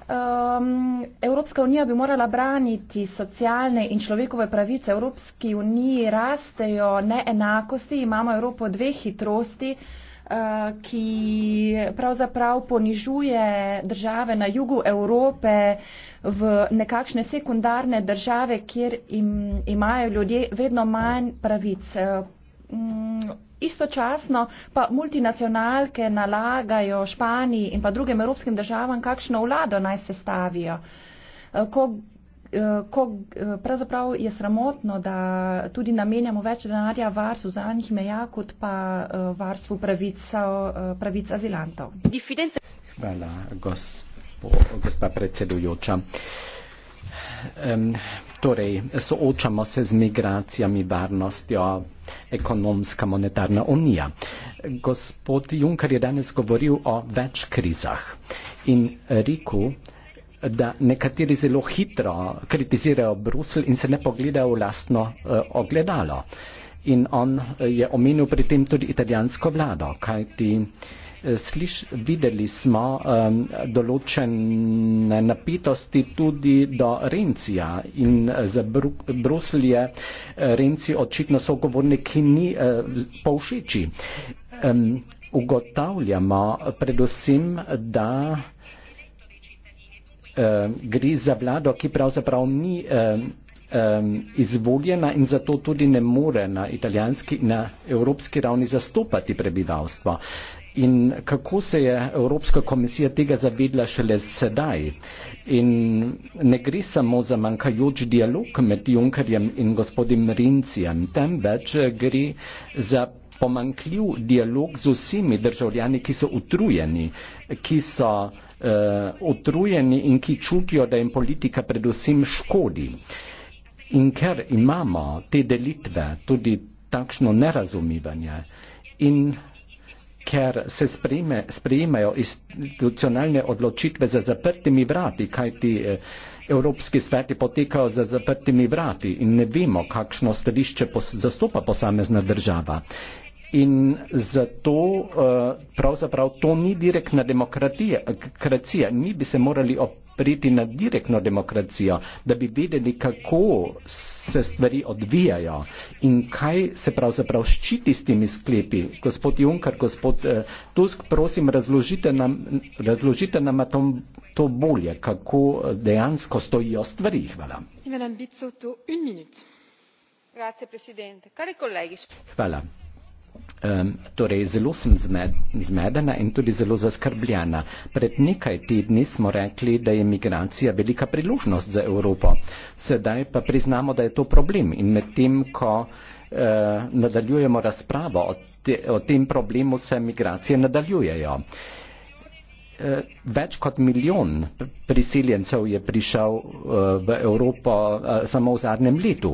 Um, Evropska unija bi morala braniti socialne in človekove pravice. Evropski uniji rastejo neenakosti, imamo Evropo dveh hitrosti, uh, ki pravzaprav ponižuje države na jugu Evrope v nekakšne sekundarne države, kjer im, imajo ljudje vedno manj pravic. Uh, istočasno pa multinacionalke nalagajo Španiji in pa drugim evropskim državam, kakšno vlado naj se stavijo. Eh, ko, eh, ko eh, pravzaprav je sramotno, da tudi namenjamo več denarja varstvu zadnjih meja, kot pa varstvu pravico, pravic azilantov. Hvala, gospa predsedujoča torej, soočamo se z migracijami, varnostjo, ekonomska monetarna unija. Gospod Junker je danes govoril o več krizah in rekel, da nekateri zelo hitro kritizirajo Brusel in se ne pogledajo v lastno uh, ogledalo. In on eh, je omenil pri tem tudi italijansko vlado, kajti uh, Eh, sliš, videli smo um, določene napitosti tudi do Rencija in za Bru Bruslje eh, Renci očitno so govorniki ni uh, povšeči. Um, ugotavljamo predvsem, da uh, gre za vlado, ki pravzaprav ni uh, um, izvoljena in zato tudi ne more na italijanski, na evropski ravni zastopati prebivalstvo. Uh, in kako se je Evropska komisija tega zavedla šele sedaj. In ne gre samo za manjkajoč dialog med Junkerjem in gospodim Rincijem, temveč gre za pomankljiv dialog z vsemi državljani, ki so utrujeni, ki so uh, utrujeni in ki čutijo, da jim politika predvsem škodi. In ker imamo te delitve, tudi takšno nerazumivanje in ker se sprejme, sprejmejo institucionalne odločitve za zaprtimi vrati, kaj ti eh, evropski sveti potekajo za zaprtimi vrati in ne vemo, kakšno stališče pos, zastopa posamezna država. In zato eh, pravzaprav to ni direktna demokracija. Mi bi se morali priti na direktno demokracijo, da bi videli, kako se stvari odvijajo in kaj se pravzaprav ščiti s temi sklepi. Gospod Juncker, gospod eh, Tusk, prosim, razložite nam, razložite nam tom, to bolje, kako eh, dejansko stojijo stvari. Hvala. Hvala. Um, torej, zelo sem zmed, zmedena in tudi zelo zaskrbljena. Pred nekaj tedni smo rekli, da je migracija velika priložnost za Evropo. Sedaj pa priznamo, da je to problem in medtem, ko uh, nadaljujemo razpravo o, te, o tem problemu, se migracije nadaljujejo. Ehm, več kot milijon priseljencev je prišel v Evropo samo v zadnjem letu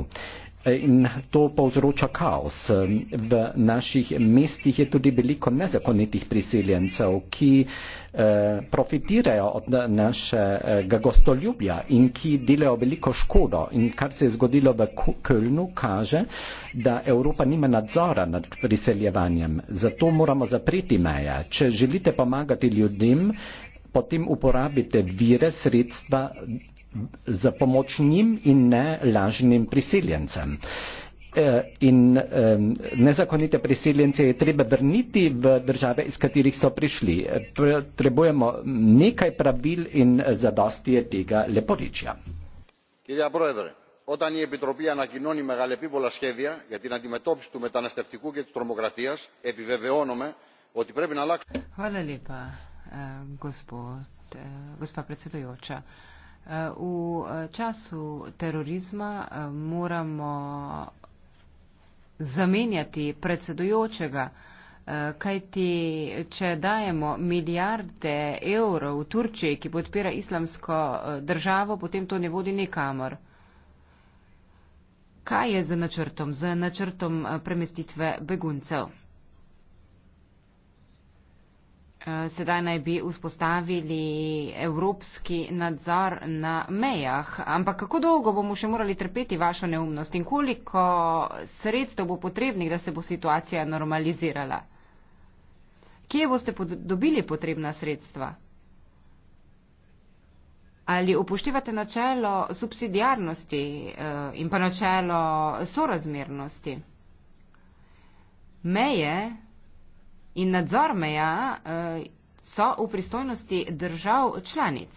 in to povzroča kaos. V naših mestih je tudi veliko nezakonitih priseljencev, ki eh, profitirajo od našega gostoljubja in ki delajo veliko škodo. In kar se je zgodilo v Kölnu, kaže, da Evropa nima nadzora nad priseljevanjem. Zato moramo zapreti meje. Če želite pomagati ljudem, potem uporabite vire sredstva za pomoč njim in ne lažnim priseljencem. E, in nezakonite priseljence je treba vrniti v države, iz katerih so prišli. E, Trebujemo nekaj pravil in zadosti je tega leporičja. Όταν η Επιτροπή ανακοινώνει μεγαλεπίπολα σχέδια για την αντιμετώπιση του μεταναστευτικού και της τρομοκρατίας, επιβεβαιώνομαι ότι πρέπει να αλλάξουμε. Eh, v eh, času terorizma eh, moramo zamenjati predsedujočega, kajti če dajemo milijarde evrov v Turčiji, ki podpira islamsko državo, potem to ne vodi nikamor. Kaj je za načrtom? Za načrtom premestitve beguncev? Sedaj naj bi vzpostavili evropski nadzor na mejah, ampak kako dolgo bomo še morali trpeti vašo neumnost in koliko sredstev bo potrebnih, da se bo situacija normalizirala? Kje boste dobili potrebna sredstva? Ali upoštevate načelo subsidijarnosti eh, in pa načelo sorazmernosti? Meje In nadzor meja eh, so v pristojnosti držav članic.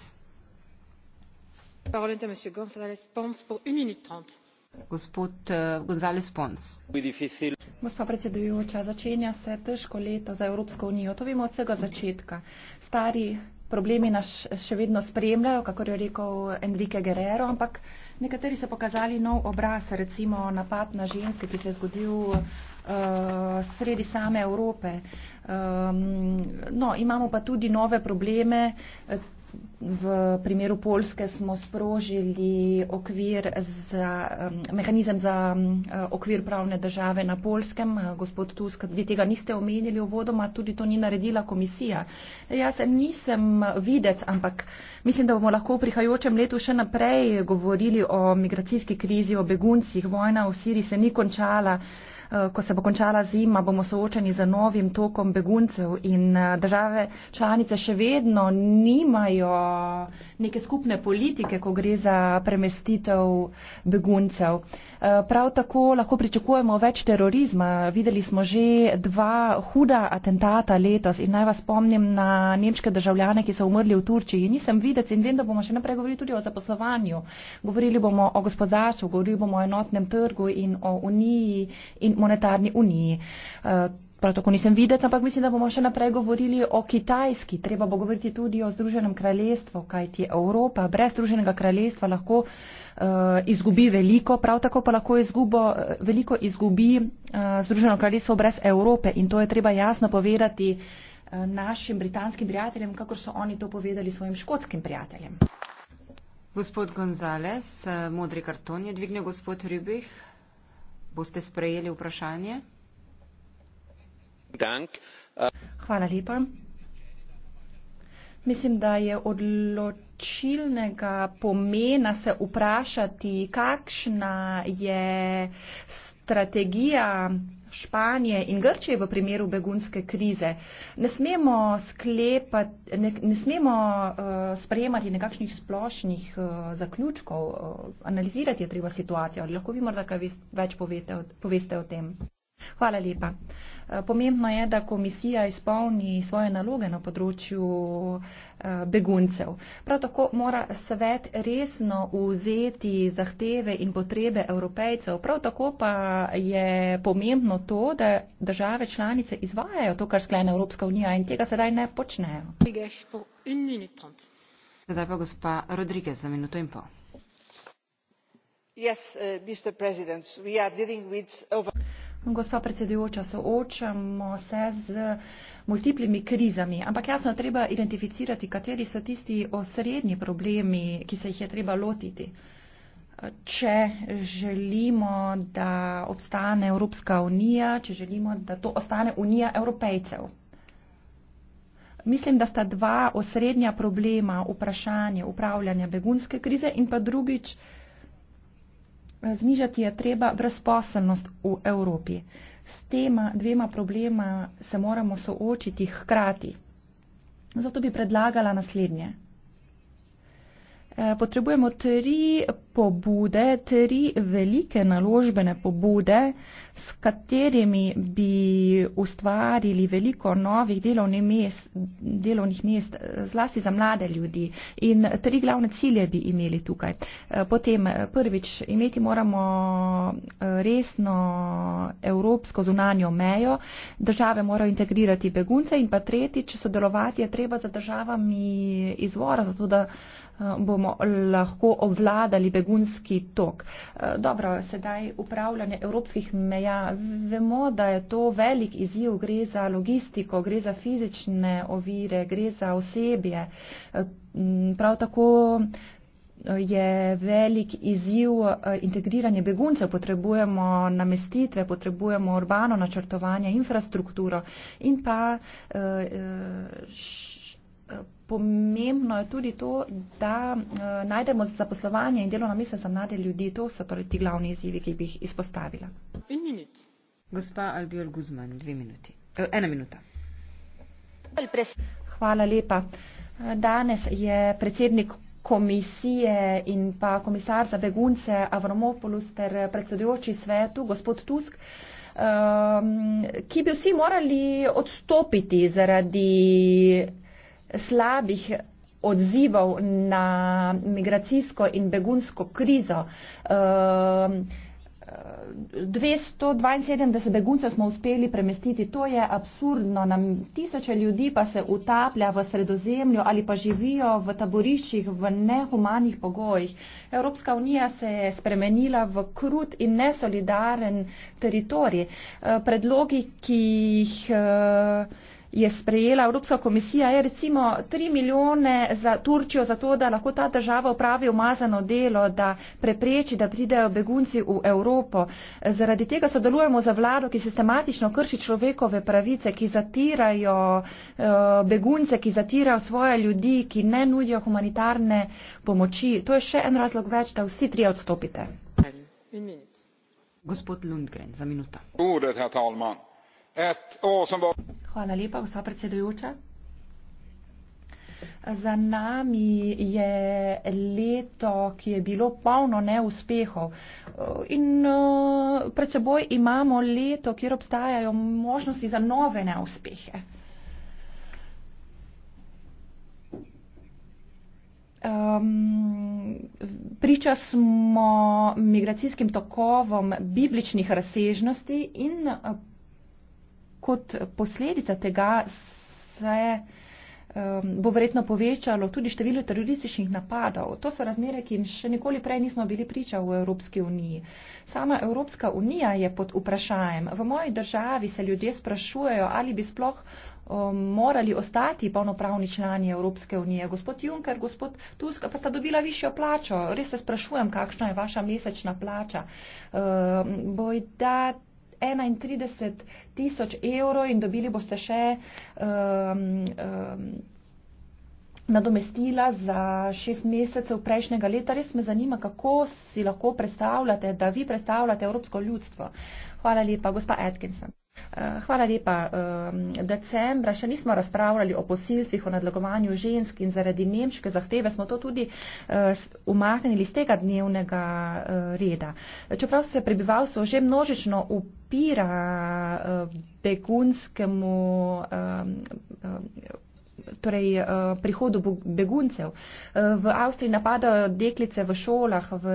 Gospod González Pons. Eh, Gospa predsedujoča, začenja se težko leto za Evropsko unijo. To vemo od vsega začetka. Stari problemi nas še vedno spremljajo, kako je rekel Enrique Guerrero, ampak nekateri so pokazali nov obraz, recimo napad na ženske, ki se je zgodil uh, sredi same Evrope. Um, no, imamo pa tudi nove probleme. V primeru Polske smo sprožili za, mehanizem za okvir pravne države na Polskem. Gospod Tusk, vi tega niste omenili uvodoma, tudi to ni naredila komisija. Jaz nisem videc, ampak mislim, da bomo lahko v prihajočem letu še naprej govorili o migracijski krizi, o beguncih. Vojna v Siriji se ni končala. Eh, ko se bo končala zima, bomo soočeni z novim tokom beguncev in eh, države članice še vedno nimajo neke skupne politike, ko gre za premestitev beguncev. Uh, Eh, prav tako lahko pričakujemo več terorizma. Videli smo že dva huda atentata letos in naj vas spomnim na nemške državljane, ki so umrli v Turčiji. Nisem videc in vem, da bomo še naprej govorili tudi o zaposlovanju. Govorili bomo o gospodarstvu, govorili bomo o enotnem trgu in o uniji in monetarni uniji. Uh, prav tako nisem videti, ampak mislim, da bomo še naprej govorili o Kitajski. Treba bo govoriti tudi o Združenem kraljestvu, kajti Evropa brez Združenega kraljestva lahko uh, izgubi veliko, prav tako pa lahko izgubo, eh, veliko izgubi uh, Združeno kraljestvo brez Evrope in to je treba jasno povedati uh, našim britanskim prijateljem, kakor so oni to povedali svojim škotskim prijateljem. Gospod Gonzales, modri karton je dvignil gospod Ribih. Boste sprejeli vprašanje? Hvala lepa. Mislim, da je odločilnega pomena se vprašati, kakšna je strategija Španije in Grčije v primeru begunske krize. Ne smemo, sklepati, ne, ne smemo uh, sprejemati nekakšnih splošnih uh, zaključkov, uh, analizirati je treba situacijo. Lahko vi morda kaj več poveste, poveste o tem? Hvala lepa. Eh, pomembno je, da komisija izpolni svoje naloge na področju eh, beguncev. Prav tako mora svet resno vzeti zahteve in potrebe evropejcev. Prav tako pa je pomembno to, da države članice izvajajo to, kar sklene Evropska unija in tega sedaj ne počnejo. Sedaj pa gospa Rodriguez za minuto in pol. Yes, uh, Gospa predsedujoča, soočamo se z multiplimi krizami, ampak jasno treba identificirati, kateri so tisti osrednji problemi, ki se jih je treba lotiti, če želimo, da obstane Evropska unija, če želimo, da to ostane unija evropejcev. Mislim, da sta dva osrednja problema vprašanje upravljanja begunske krize in pa drugič, znižati je treba brezposelnost v Evropi. S tema dvema problema se moramo soočiti hkrati. Zato bi predlagala naslednje. Eh, potrebujemo tri pobude, tri velike naložbene pobude, s katerimi bi ustvarili veliko novih delovnih mest, delovnih mest eh, zlasti za mlade ljudi. In tri glavne cilje bi imeli tukaj. Eh, potem prvič, imeti moramo resno evropsko zunanjo mejo, države morajo integrirati begunce in pa tretjič, sodelovati je treba za državami izvora, zato da bomo lahko obvladali begunski tok. Eh, dobro, sedaj upravljanje evropskih meja. Vemo, da je to velik izjiv, gre za logistiko, gre za fizične ovire, gre za osebje. Eh, prav tako eh, je velik izjiv integriranje beguncev, potrebujemo namestitve, potrebujemo urbano načrtovanje, infrastrukturo in pa pomembno je tudi to, da eh, najdemo zaposlovanje in delovna mesta za mlade ljudi. To so torej ti glavni izzivi, ki bi jih izpostavila. In minut. Gospa Albjol Guzman, dve minuti. E, ena minuta. Hvala lepa. Danes je predsednik komisije in pa komisar za begunce Avromopolus ter predsedujoči svetu, gospod Tusk, eh, ki bi vsi morali odstopiti zaradi slabih odzivov na migracijsko in begunsko krizo. 272 ehm, beguncev smo uspeli premestiti, to je absurdno, nam tisoče ljudi pa se utaplja v sredozemlju ali pa živijo v taboriščih v nehumanih pogojih. Evropska unija se je spremenila v krut in nesolidaren teritorij. Ehm, predlogi, ki jih. Ehm, je sprejela Evropska komisija, je recimo 3 milijone za Turčijo, zato da lahko ta država upravi umazano delo, da prepreči, da pridejo begunci v Evropo. Zaradi tega sodelujemo za vlado, ki sistematično krši človekove pravice, ki zatirajo eh, begunce, ki zatirajo svoje ljudi, ki ne nudijo humanitarne pomoči. To je še en razlog več, da vsi trije odstopite. Gospod Lundgren, za minuto. Hvala lepa, gospa predsedujoča. Za nami je leto, ki je bilo polno neuspehov. In pred seboj imamo leto, kjer obstajajo možnosti za nove neuspehe. Um, priča smo migracijskim tokovom bibličnih razsežnosti in kot posledica tega se um, bo verjetno povečalo tudi število terorističnih napadov. To so razmere, ki jim še nikoli prej nismo bili priča v Evropski uniji. Sama Evropska unija je pod vprašajem. V moji državi se ljudje sprašujejo, ali bi sploh um, morali ostati polnopravni člani Evropske unije. Gospod Juncker, gospod Tusk, pa sta dobila višjo plačo. Res se sprašujem, kakšna je vaša mesečna plača. Uh, um, Bojda 31 tisoč evrov in dobili boste še um, um, nadomestila za šest mesecev prejšnjega leta. Res me zanima, kako si lahko predstavljate, da vi predstavljate evropsko ljudstvo. Hvala lepa, gospa Atkinson. Eh, hvala lepa. Eh, decembra še nismo razpravljali o posilstvih, o nadlegovanju žensk in zaradi nemške zahteve smo to tudi eh, umaknili z tega dnevnega reda. Čeprav se prebivalstvo že množično upira begunskemu. Torej, prihodu beguncev. V Avstriji napadajo deklice v šolah, v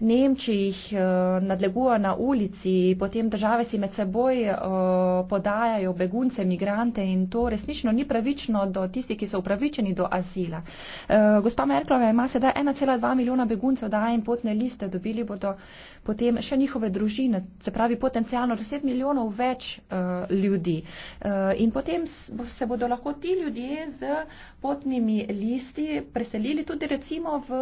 Nemčiji jih eh, nadleguje na ulici, potem države si med seboj eh, podajajo begunce, migrante in to resnično ni pravično do tistih, ki so upravičeni do azila. Eh, gospa Merklova ima sedaj 1,2 milijona beguncev, daje jim potne liste, dobili bodo potem še njihove družine, se pravi potencijalno 10 milijonov več ljudi. In potem se bodo lahko ti ljudje z potnimi listi preselili tudi recimo v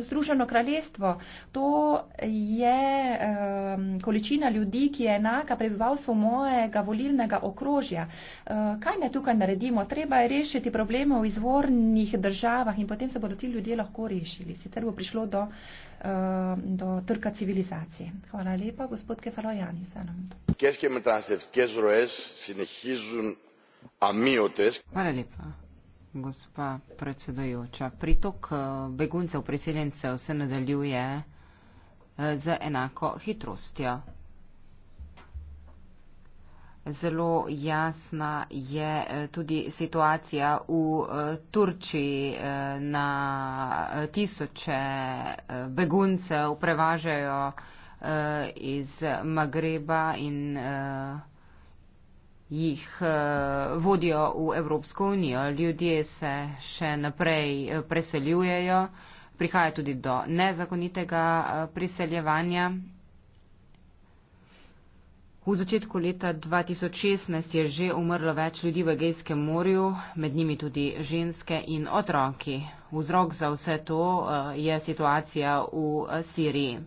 Združeno kraljestvo, to je um, količina ljudi, ki je enaka prebivalstvu mojega volilnega okrožja. Uh, kaj naj tukaj naredimo? Treba je rešiti probleme v izvornih državah in potem se bodo ti ljudje lahko rešili. Sicer bo prišlo do, uh, do trka civilizacije. Hvala lepa, gospod Kefalojani. Hvala lepa. Gospa predsedojoča, pritok eh, beguncev, priseljencev se nadaljuje z enako hitrostjo. Zelo jasna je eh, tudi situacija v eh, Turčiji. Eh, na tisoče beguncev prevažajo iz Magreba in jih vodijo v Evropsko unijo. Ljudje se še naprej preseljujejo prihaja tudi do nezakonitega eh, priseljevanja. V začetku leta 2016 je že umrlo več ljudi v Egejskem morju, med njimi tudi ženske in otroki. Vzrok za vse to eh, je situacija v eh, Siriji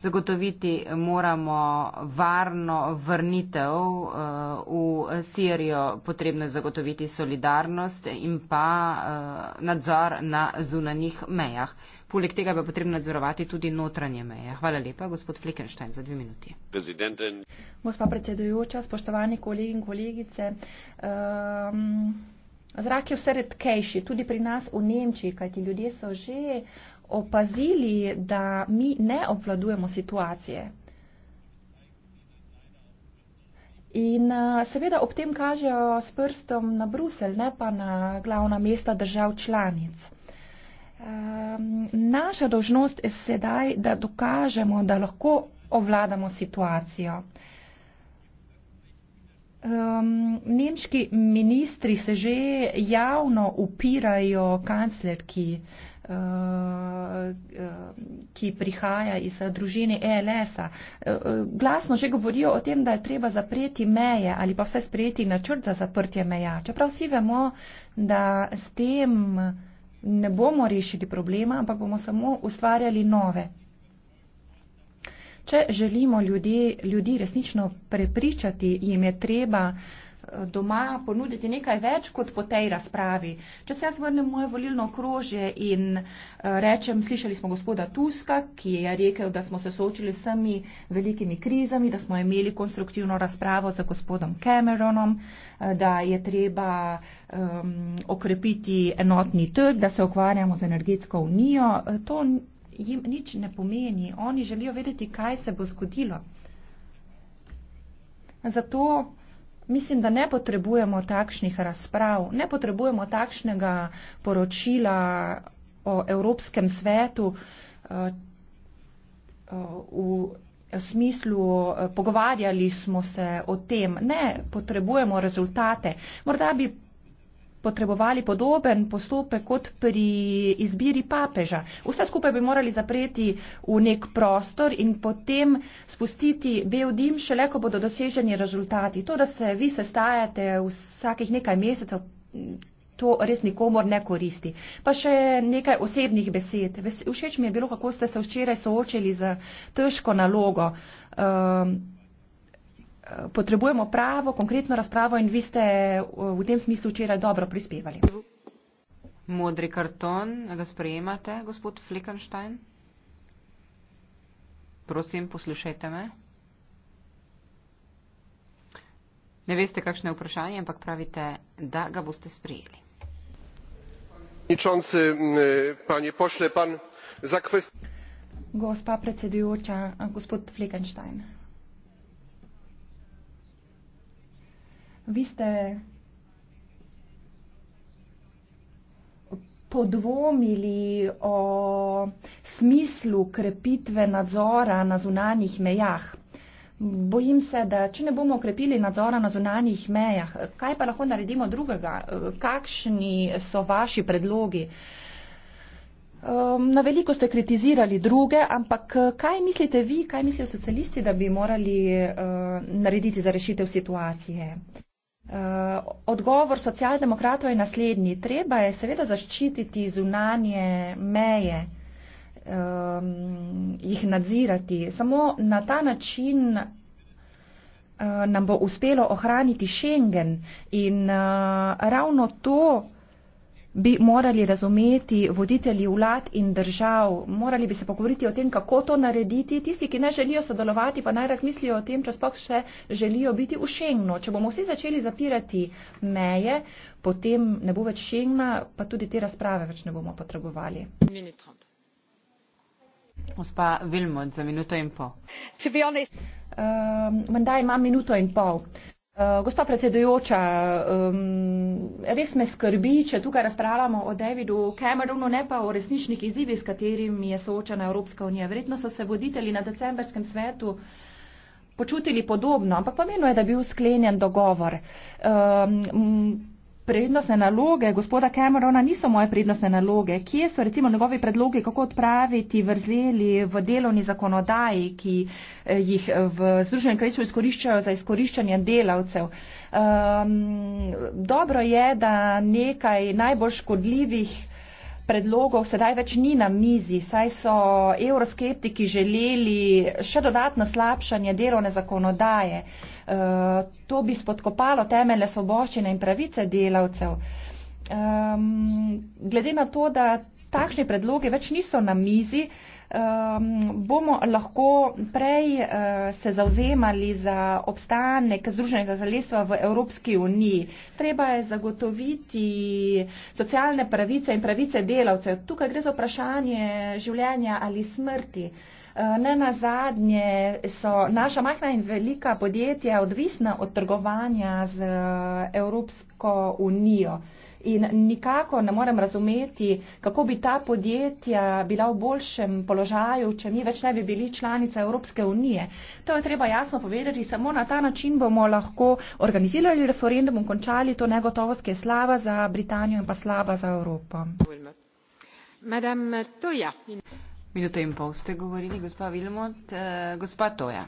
zagotoviti moramo varno vrnitev eh, v Sirijo, potrebno je zagotoviti solidarnost in pa eh, nadzor na zunanjih mejah. Poleg tega bo potrebno nadzorovati tudi notranje meje. Hvala lepa, gospod Flickenstein, za dve minuti. Presidenten. Gospa predsedujoča, spoštovani kolegi in kolegice. Um, zrak je vse redkejši, tudi pri nas v Nemčiji, kajti ljudje so že uh, opazili, da mi ne obvladujemo situacije. In eh, seveda ob tem kažejo s prstom na Brusel, ne pa na glavna mesta držav članic. Ehm, naša dožnost je sedaj, da dokažemo, da lahko ovladamo situacijo. Ehm, nemški ministri se že javno upirajo kanclerki. Eh, eh, ki prihaja iz eh, družine ELS-a. Glasno že govorijo o tem, da je treba zapreti meje ali pa vse sprejeti načrt za zaprtje meja. Čeprav vsi vemo, da s tem ne bomo rešili problema, ampak bomo samo ustvarjali nove. Če želimo ljudi, ljudi resnično prepričati, jim je treba uh, doma ponuditi nekaj več kot po tej razpravi. Če se jaz vrnem moje volilno okrožje in eh, rečem, slišali smo gospoda Tuska, ki je rekel, da smo se soočili vsemi velikimi krizami, da smo imeli konstruktivno razpravo z gospodom Cameronom, eh, da je treba um, okrepiti enotni trg, da se ukvarjamo z energetsko unijo. Eh, to jim nič ne pomeni. Oni želijo vedeti, kaj se bo zgodilo. Zato mislim, da ne potrebujemo takšnih razprav, ne potrebujemo takšnega poročila o Evropskem svetu eh, eh, v smislu, eh, pogovarjali smo se o tem. Ne potrebujemo rezultate. Morda bi potrebovali podoben postopek kot pri izbiri papeža. Vse skupaj bi morali zapreti v nek prostor in potem spustiti bel dim, šele ko bodo doseženi rezultati. To, da se vi sestajate vsakih nekaj mesecev, to res nikomor ne koristi. Pa še nekaj osebnih besed. Všeč mi je bilo, kako ste se včeraj soočili z težko nalogo. Um, potrebujemo pravo, konkretno razpravo in vi ste eh, v tem smislu včeraj dobro prispevali. Modri karton, ga sprejemate, gospod Flekenstein? Prosim, poslušajte me. Ne veste, kakšno je vprašanje, ampak pravite, da ga boste sprejeli. Ničonci, panje pošle, pan za kvest. Gospa predsedujoča, gospod Flekenstein. vi ste podvomili o smislu krepitve nadzora na zunanjih mejah. Bojim se, da če ne bomo okrepili nadzora na zunanjih mejah, kaj pa lahko naredimo drugega? Kakšni so vaši predlogi? Ehm, na veliko ste kritizirali druge, ampak kaj mislite vi, kaj mislijo socialisti, da bi morali eh, narediti za rešitev situacije? Eh, odgovor socialdemokratov je naslednji. Treba je seveda zaščititi zunanje meje, ehm, jih nadzirati. Samo na ta način eh, nam bo uspelo ohraniti Schengen in eh, ravno to, bi morali razumeti voditelji vlad in držav. Morali bi se pogovoriti o tem, kako to narediti. Tisti, ki ne želijo sodelovati, pa naj razmislijo o tem, če sploh še želijo biti v Schengnu. Če bomo vsi začeli zapirati meje, potem ne bo več Schengna, pa tudi te razprave več ne bomo potrebovali. Gospa Vilmot, za minuto in pol. Če bi ona... Menda imam minuto in pol. Eh, gospa predsedujoča, um, res me skrbi, če tukaj razpravljamo o Davidu Cameronu, ne pa o resničnih izzivih, s katerimi je soočena Evropska unija. Verjetno so se voditelji na decembrskem svetu počutili podobno, ampak pomenilo je, da je bil sklenjen dogovor. Um, prednostne naloge gospoda Camerona niso moje prednostne naloge. Kje so recimo njegovi predlogi, kako odpraviti vrzeli v delovni zakonodaji, ki eh, jih eh, v Združenem kraljestvu izkoriščajo za izkoriščanje delavcev? Um, dobro je, da nekaj najbolj škodljivih predlogov sedaj več ni na mizi, saj so evroskeptiki želeli še dodatno slabšanje delovne zakonodaje. Uh, Eh, to bi spodkopalo temelje svoboščine in pravice delavcev. Um, glede na to, da takšni predlogi več niso na mizi, um, bomo lahko prej uh, se zauzemali za obstanek Združenega kraljestva v Evropski uniji. Treba je zagotoviti socialne pravice in pravice delavcev. Tukaj gre za vprašanje življenja ali smrti. Uh, Eh, ne na zadnje so naša majhna in velika podjetja odvisna od trgovanja z eh, Evropsko unijo. In nikako ne morem razumeti, kako bi ta podjetja bila v boljšem položaju, če mi več ne bi bili članica Evropske unije. To je treba jasno povedati, samo na ta način bomo lahko organizirali referendum in končali to negotovost, ki je slaba za Britanijo in pa slaba za Evropo. Madame, to ja. Minuto in pol ste govorili, gospa Vilmot, eh, gospa Toja.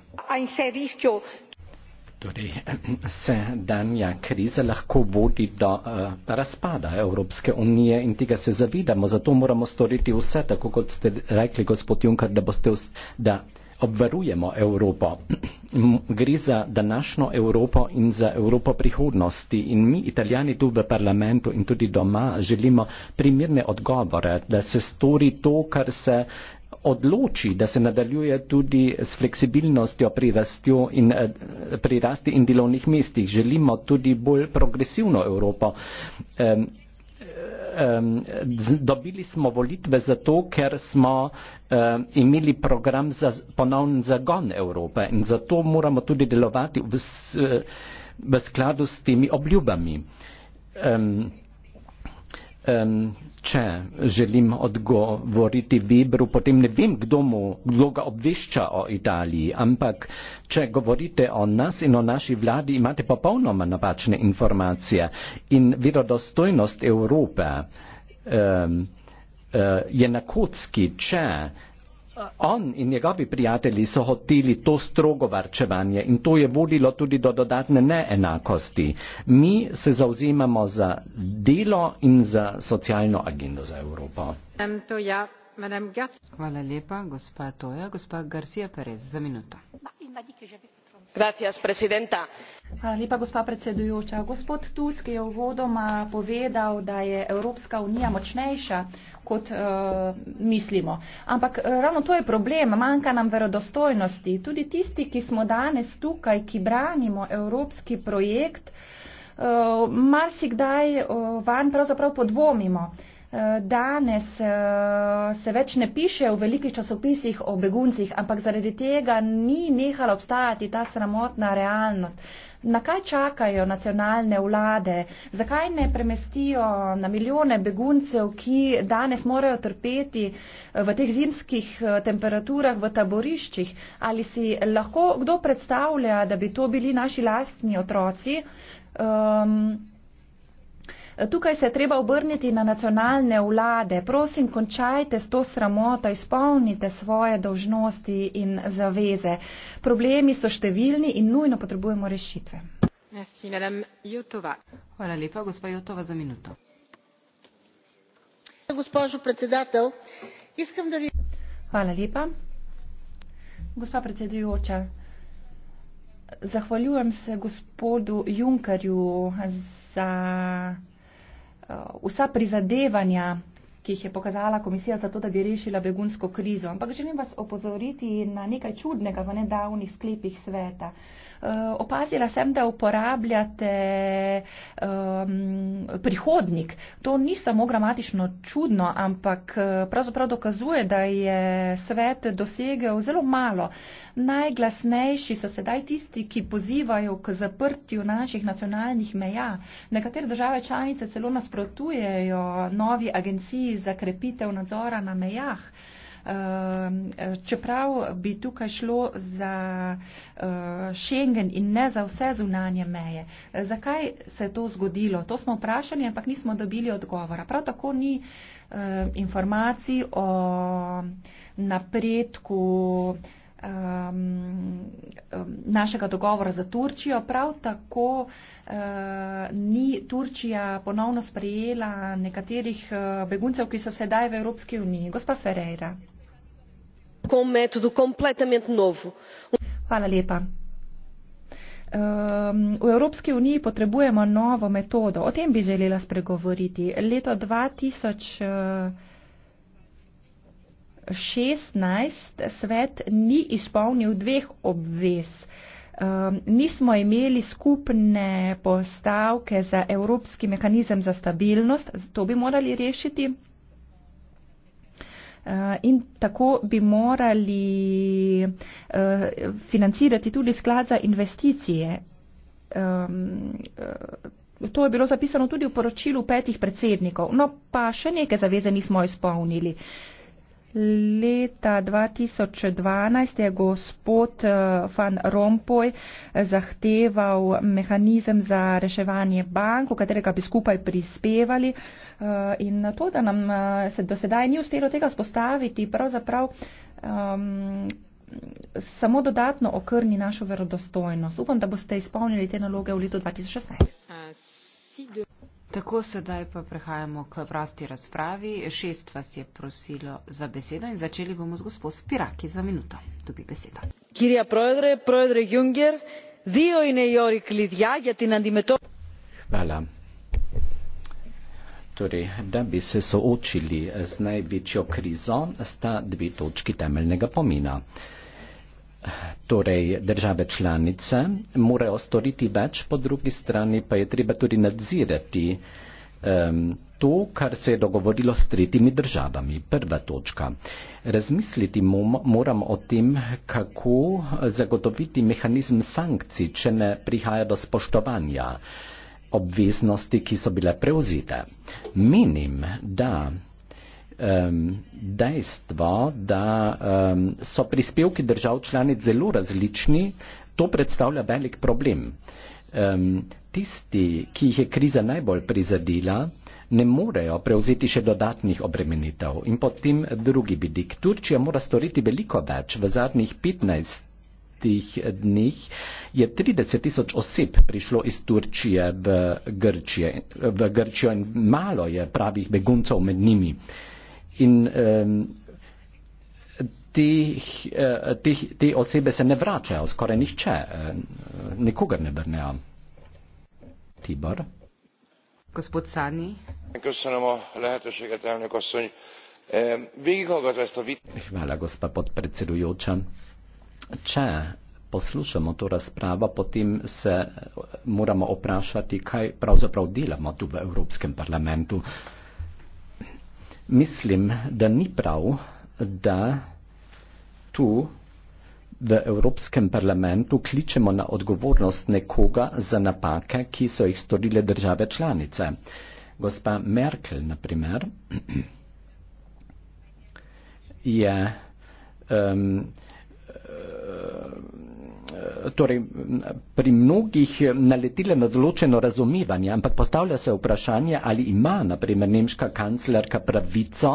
Torej, se danja kriza lahko vodi do uh, razpada Evropske unije in tega se zavidamo, zato moramo storiti vse, tako kot ste rekli, gospod Junker, da boste. Vse, da obvarujemo Evropo. Gre za današnjo Evropo in za Evropo prihodnosti. In mi, italijani tu v parlamentu in tudi doma, želimo primirne odgovore, da se stori to, kar se odloči, da se nadaljuje tudi s fleksibilnostjo pri, in, eh, pri rasti in delovnih mestih. Želimo tudi bolj progresivno Evropo um, dobili smo volitve zato, ker smo um, imeli program za ponovni zagon Evrope in zato moramo tudi delovati v, v skladu s temi obljubami. Um, um, če želim odgovoriti Vibru, potem ne vem, kdo, mu, kdo ga obvešča o Italiji, ampak če govorite o nas in o naši vladi, imate popolnoma napačne informacije in verodostojnost Evrope um, uh, je na kocki, če On in njegovi prijatelji so hoteli to strogo varčevanje in to je vodilo tudi do dodatne neenakosti. Mi se zauzemamo za delo in za socialno agendo za Evropo. Hvala lepa, gospa Toja. Gospa Garcia Perez, za minuto. Hvala lepa, gospa predsedujoča. Gospod Tusk je uvodoma povedal, da je Evropska unija močnejša, kot uh, mislimo. Ampak eh, ravno to je problem, manjka nam verodostojnosti. Tudi tisti, ki smo danes tukaj, ki branimo evropski projekt, uh, marsikdaj uh, van pravzaprav podvomimo. Danes se več ne piše v velikih časopisih o beguncih, ampak zaradi tega ni nehala obstajati ta sramotna realnost na kaj čakajo nacionalne vlade, zakaj ne premestijo na milijone beguncev, ki danes morajo trpeti eh, v teh zimskih eh, temperaturah v taboriščih. Ali si lahko kdo predstavlja, da bi to bili naši lastni otroci? Um, Tukaj se je treba obrniti na nacionalne vlade. Prosim, končajte s to sramoto, izpolnite svoje dožnosti in zaveze. Problemi so številni in nujno potrebujemo rešitve. Merci, Hvala lepa, gospa Jotova, za minuto. Hvala lepa. Gospa predsedujoča, zahvaljujem se gospodu Junkerju za Eh, vsa prizadevanja, ki jih je pokazala komisija za to, da bi rešila begunsko krizo. Ampak želim vas opozoriti na nekaj čudnega v nedavnih sklepih sveta. Uh, Eh, opazila sem, da uporabljate um, prihodnik. To ni samo gramatično čudno, ampak eh, pravzaprav dokazuje, da je svet dosegel zelo malo. Najglasnejši so sedaj tisti, ki pozivajo k zaprtju naših nacionalnih meja. Nekatere države članice celo nasprotujejo novi agenciji za krepitev nadzora na mejah. Ehm, čeprav bi tukaj šlo za eh, Schengen in ne za vse zunanje meje. Eh, zakaj se je to zgodilo? To smo vprašali, ampak nismo dobili odgovora. Prav tako ni eh, informacij o napredku ehm, našega dogovora za Turčijo. Prav tako eh, ni Turčija ponovno sprejela nekaterih beguncev, ki so sedaj v Evropski uniji. Gospa Ferreira com um método completamente novo. Hvala lepa. Um, v Evropski uniji potrebujemo novo metodo. O tem bi želela spregovoriti. Leto 2016 svet ni izpolnil dveh obvez. Um, nismo imeli skupne postavke za Evropski mehanizem za stabilnost. To bi morali rešiti. Eh, in tako bi morali eh, financirati tudi sklad za investicije. Ehm, eh, to je bilo zapisano tudi v poročilu petih predsednikov. No, pa še nekaj zaveze nismo izpolnili. Leta 2012 je gospod eh, Van Rompuy eh, zahteval mehanizem za reševanje bank, v katerega bi skupaj prispevali eh, in na to, da nam se do sedaj ni uspelo tega spostaviti, pravzaprav um, samo dodatno okrni našo verodostojnost. Upam, da boste izpolnili te naloge v letu 2016. Tako sedaj pa prehajamo k prosti razpravi. Šest vas je prosilo za besedo in začeli bomo z gospod Spiraki za minuto. Dobi beseda. Kirja Projedre, Projedre Junger, Zijo in Jorik Lidja, Jatina Dimeto. Hvala. Torej, da bi se soočili z največjo krizo, sta dve točki temeljnega pomena torej države članice morajo storiti več, po drugi strani pa je treba tudi nadzirati um, to, kar se je dogovorilo s tretjimi državami. Prva točka. Razmisliti moram o tem, kako zagotoviti mehanizm sankcij, če ne prihaja do spoštovanja obveznosti, ki so bile prevzite. Menim, da um, dejstvo, da um, so prispevki držav članic zelo različni, to predstavlja velik problem. Um, tisti, ki jih je kriza najbolj prizadila, ne morejo prevzeti še dodatnih obremenitev. In potem drugi vidik. Turčija mora storiti veliko več. V zadnjih 15 dneh je 30 tisoč oseb prišlo iz Turčije v Grčijo, v Grčijo in malo je pravih beguncev med njimi. Uh, in um, teh, uh, teh, te osebe se ne vračajo, skoraj nihče, uh, nikogar ne vrnejo. Tibor. Gospod Sani. Köszönöm a lehetőséget, elnök asszony. E, végighallgatva ezt a vit... Hvala, gospa podpredsedujoča. Če poslušamo to razpravo, potem se moramo vprašati, kaj pravzaprav delamo tu v Evropskem parlamentu mislim, da ni prav, da tu v Evropskem parlamentu kličemo na odgovornost nekoga za napake, ki so jih storile države članice. Gospa Merkel, na primer, je um, torej, pri mnogih naletile na določeno razumevanje, ampak postavlja se vprašanje, ali ima naprimer nemška kanclerka pravico,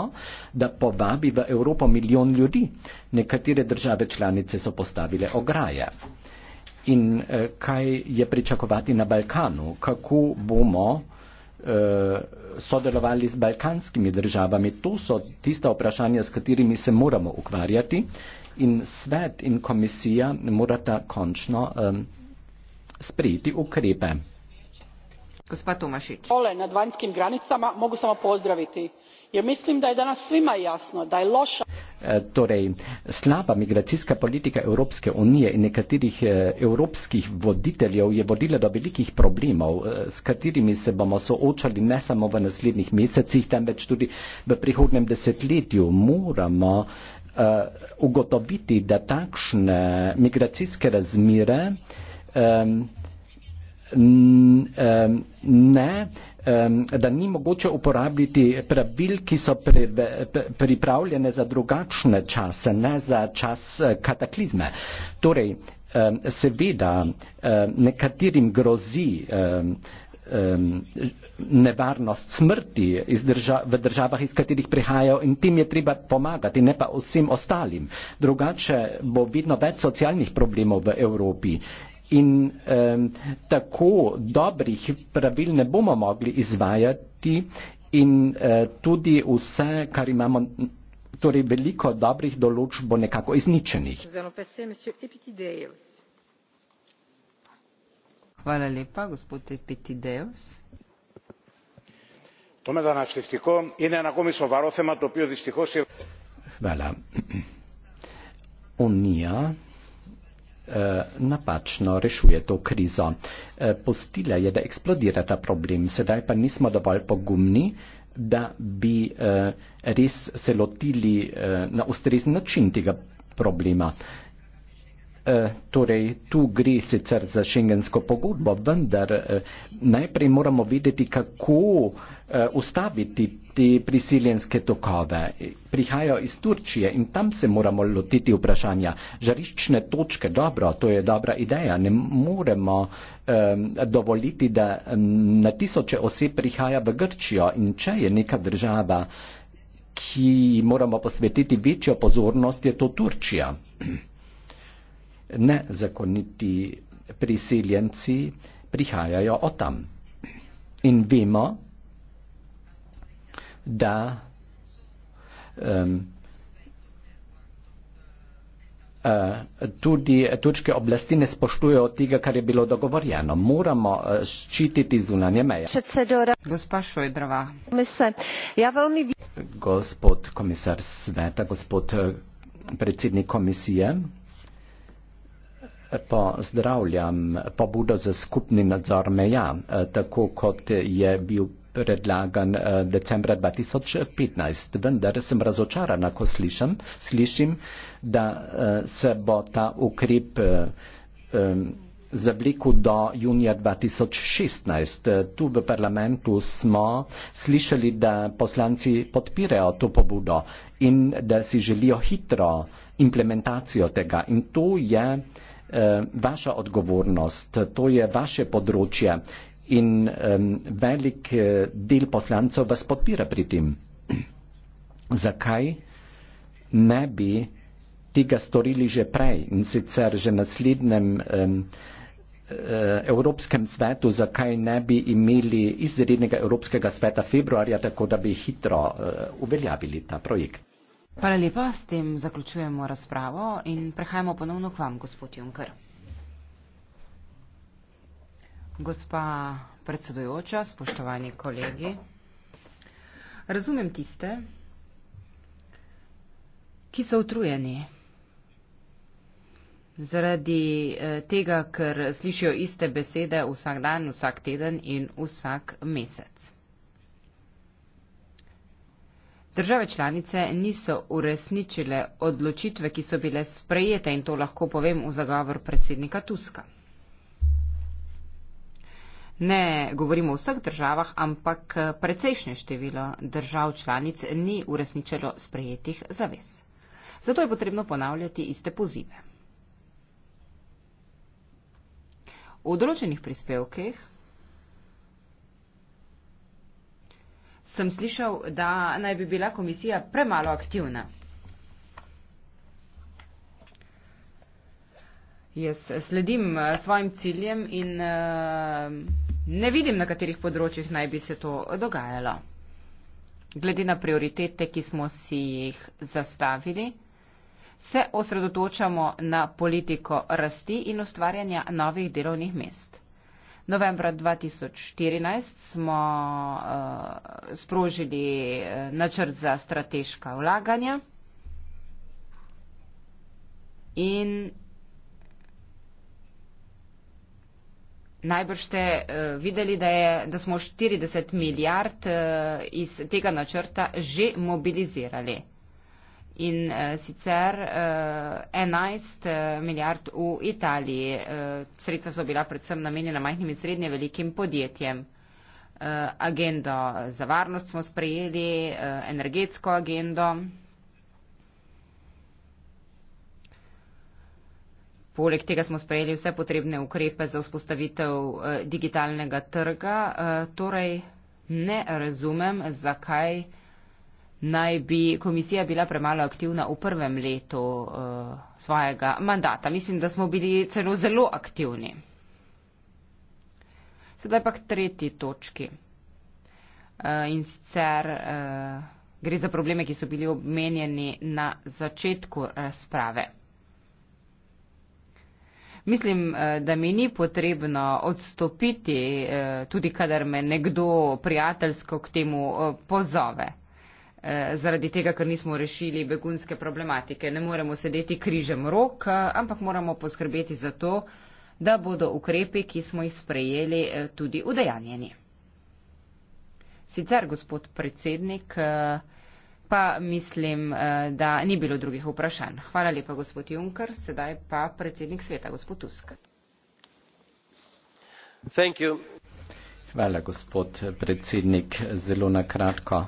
da povabi v Evropo milijon ljudi. Nekatere države članice so postavile ograje. In eh, kaj je pričakovati na Balkanu? Kako bomo eh, sodelovali z balkanskimi državami? To so tista vprašanja, s katerimi se moramo ukvarjati in svet in komisija morata končno um, sprejeti ukrepe. Kole nad vanjskim granicama mogu samo pozdraviti jer mislim da je danas svima jasno da je loša e, Torej, slaba migracijska politika Evropske unije in nekaterih e, evropskih voditeljev je vodila do velikih problemov, e, s katerimi se bomo soočali ne samo v naslednjih mesecih, temveč tudi v prihodnem desetletju. Moramo eh, uh, ugotoviti, da takšne migracijske razmire um, um, ne, um, da ni mogoče uporabljati pravil, ki so pri, pripravljene za drugačne čase, ne za čas eh, kataklizme. Torej, um, seveda um, nekaterim grozi um, nevarnost smrti iz drža, v državah, iz katerih prihajajo in tem je treba pomagati, ne pa vsem ostalim. Drugače bo vedno več socialnih problemov v Evropi in um, tako dobrih pravil ne bomo mogli izvajati in uh, tudi vse, kar imamo. Torej veliko dobrih določb bo nekako izničenih. Hvala lepa, gospod Epitideus. Το μεταναστευτικό είναι ένα ακόμη σοβαρό θέμα το οποίο δυστυχώ. Βάλα. Ουνία. napačno rešuje to krizo. E, pustila je, da eksplodira ta problem, sedaj pa nismo dovolj pogumni, da bi e, res se lotili e, na ustrezni način tega problema. Eh, torej, tu gre sicer za šengensko pogodbo, vendar eh, najprej moramo videti, kako eh, ustaviti te prisiljenske tokove. Prihajajo iz Turčije in tam se moramo lotiti vprašanja. Žarične točke, dobro, to je dobra ideja. Ne moremo um, dovoliti, da na tisoče oseb prihaja v Grčijo in če je neka država, ki moramo posvetiti večjo pozornost, je to Turčija nezakoniti priseljenci prihajajo od tam. In vemo, da um, Uh, tudi turške oblasti ne spoštujejo tega, kar je bilo dogovorjeno. Moramo uh, ščititi zunanje meje. Gospa Šojdrova. Ja veľmi... Gospod komisar sveta, gospod uh, predsednik komisije pozdravljam pobudo za skupni nadzor meja, eh, tako kot je bil predlagan eh, decembra 2015. Vendar sem razočarana, ko slišim, slišim, da eh, se bo ta ukrep zavlekel do junija 2016. Tu v parlamentu smo slišali, da poslanci podpirajo to pobudo in da si želijo hitro implementacijo tega. In to je Eh, vaša odgovornost, to je vaše področje in velik eh, del poslancev vas podpira pri tem. (clears throat) Zakaj ne bi tega storili že prej in sicer že na naslednjem eh, Evropskem svetu, zakaj ne bi imeli izrednega Evropskega sveta februarja, tako da bi hitro uveljavili ta projekt? Hvala lepa, s tem zaključujemo razpravo in prehajamo ponovno k vam, gospod Junker. Gospa predsedujoča, spoštovani kolegi, razumem tiste, ki so utrujeni zaradi eh, tega, ker slišijo iste besede vsak dan, vsak teden in vsak mesec. Države članice niso uresničile odločitve, ki so bile sprejete in to lahko povem v zagovor predsednika Tuska. Ne govorimo o vseh državah, ampak precejšnje število držav članic ni uresničilo sprejetih zavez. Zato je potrebno ponavljati iste pozive. V določenih prispevkih sem slišal, da naj bi bila komisija premalo aktivna. Jaz sledim eh, svojim ciljem in eh, ne vidim, na katerih področjih naj bi se to dogajalo. Glede na prioritete, ki smo si jih zastavili, se osredotočamo na politiko rasti in ustvarjanja novih delovnih mest. Novembra 2014 smo uh, sprožili eh, načrt za strateška vlaganja in najbrž ste uh, videli, da, je, da smo 40 milijard uh, iz tega načrta že mobilizirali in uh, sicer uh, eh, 11 eh, milijard v Italiji. Uh, sredstva so bila predvsem namenjena majhnim in srednje velikim podjetjem. Uh, agendo za varnost smo sprejeli, uh, energetsko agendo. Poleg tega smo sprejeli vse potrebne ukrepe za vzpostavitev uh, digitalnega trga. Uh, torej ne razumem, zakaj naj bi komisija bila premalo aktivna v prvem letu uh, svojega mandata. Mislim, da smo bili celo zelo aktivni. Sedaj pa k tretji točki. Uh, in sicer uh, gre za probleme, ki so bili obmenjeni na začetku razprave. Mislim, da mi ni potrebno odstopiti, tudi kadar me nekdo prijateljsko k temu pozove. Eh, zaradi tega, ker nismo rešili begunske problematike. Ne moremo sedeti križem rok, eh, ampak moramo poskrbeti za to, da bodo ukrepi, ki smo jih sprejeli, eh, tudi udejanjeni. Sicer, gospod predsednik, pa mislim, da ni bilo drugih vprašanj. Hvala lepa, gospod Juncker, sedaj pa predsednik sveta, gospod Tusk. Hvala, gospod predsednik, zelo na kratko.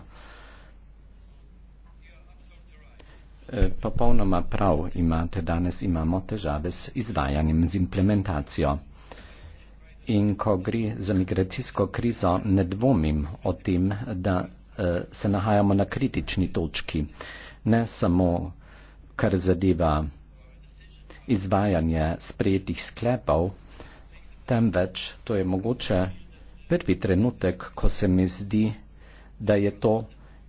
Eh, popolnoma prav imate, danes imamo težave s izvajanjem, z implementacijo. In ko gre za migracijsko krizo, ne dvomim o tem, da eh, se nahajamo na kritični točki, ne samo kar zadeva izvajanje sprejetih sklepov, temveč to je mogoče prvi trenutek, ko se mi zdi, da je to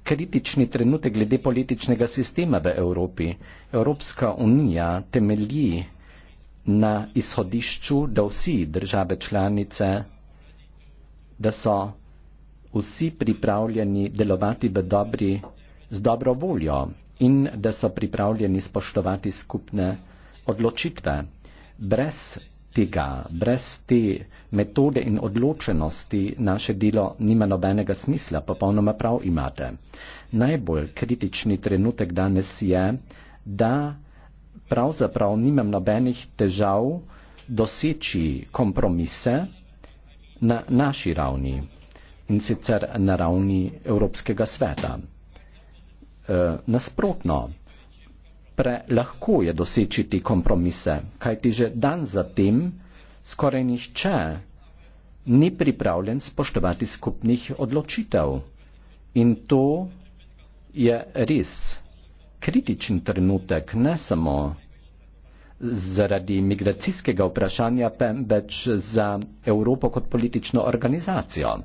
kritični trenutek glede političnega sistema v Evropi. Evropska unija temelji na izhodišču, da vsi države članice, da so vsi pripravljeni delovati v dobri, z dobro voljo in da so pripravljeni spoštovati skupne odločitve. Brez tega, brez te metode in odločenosti naše delo nima nobenega smisla, popolnoma prav imate. Najbolj kritični trenutek danes je, da pravzaprav nimam nobenih težav doseči kompromise na naši ravni in sicer na ravni Evropskega sveta. E, nasprotno, Najprej lahko je doseči te kompromise, kajti že dan zatem skoraj nihče ni pripravljen spoštovati skupnih odločitev. In to je res kritičen trenutek, ne samo zaradi migracijskega vprašanja, temveč za Evropo kot politično organizacijo.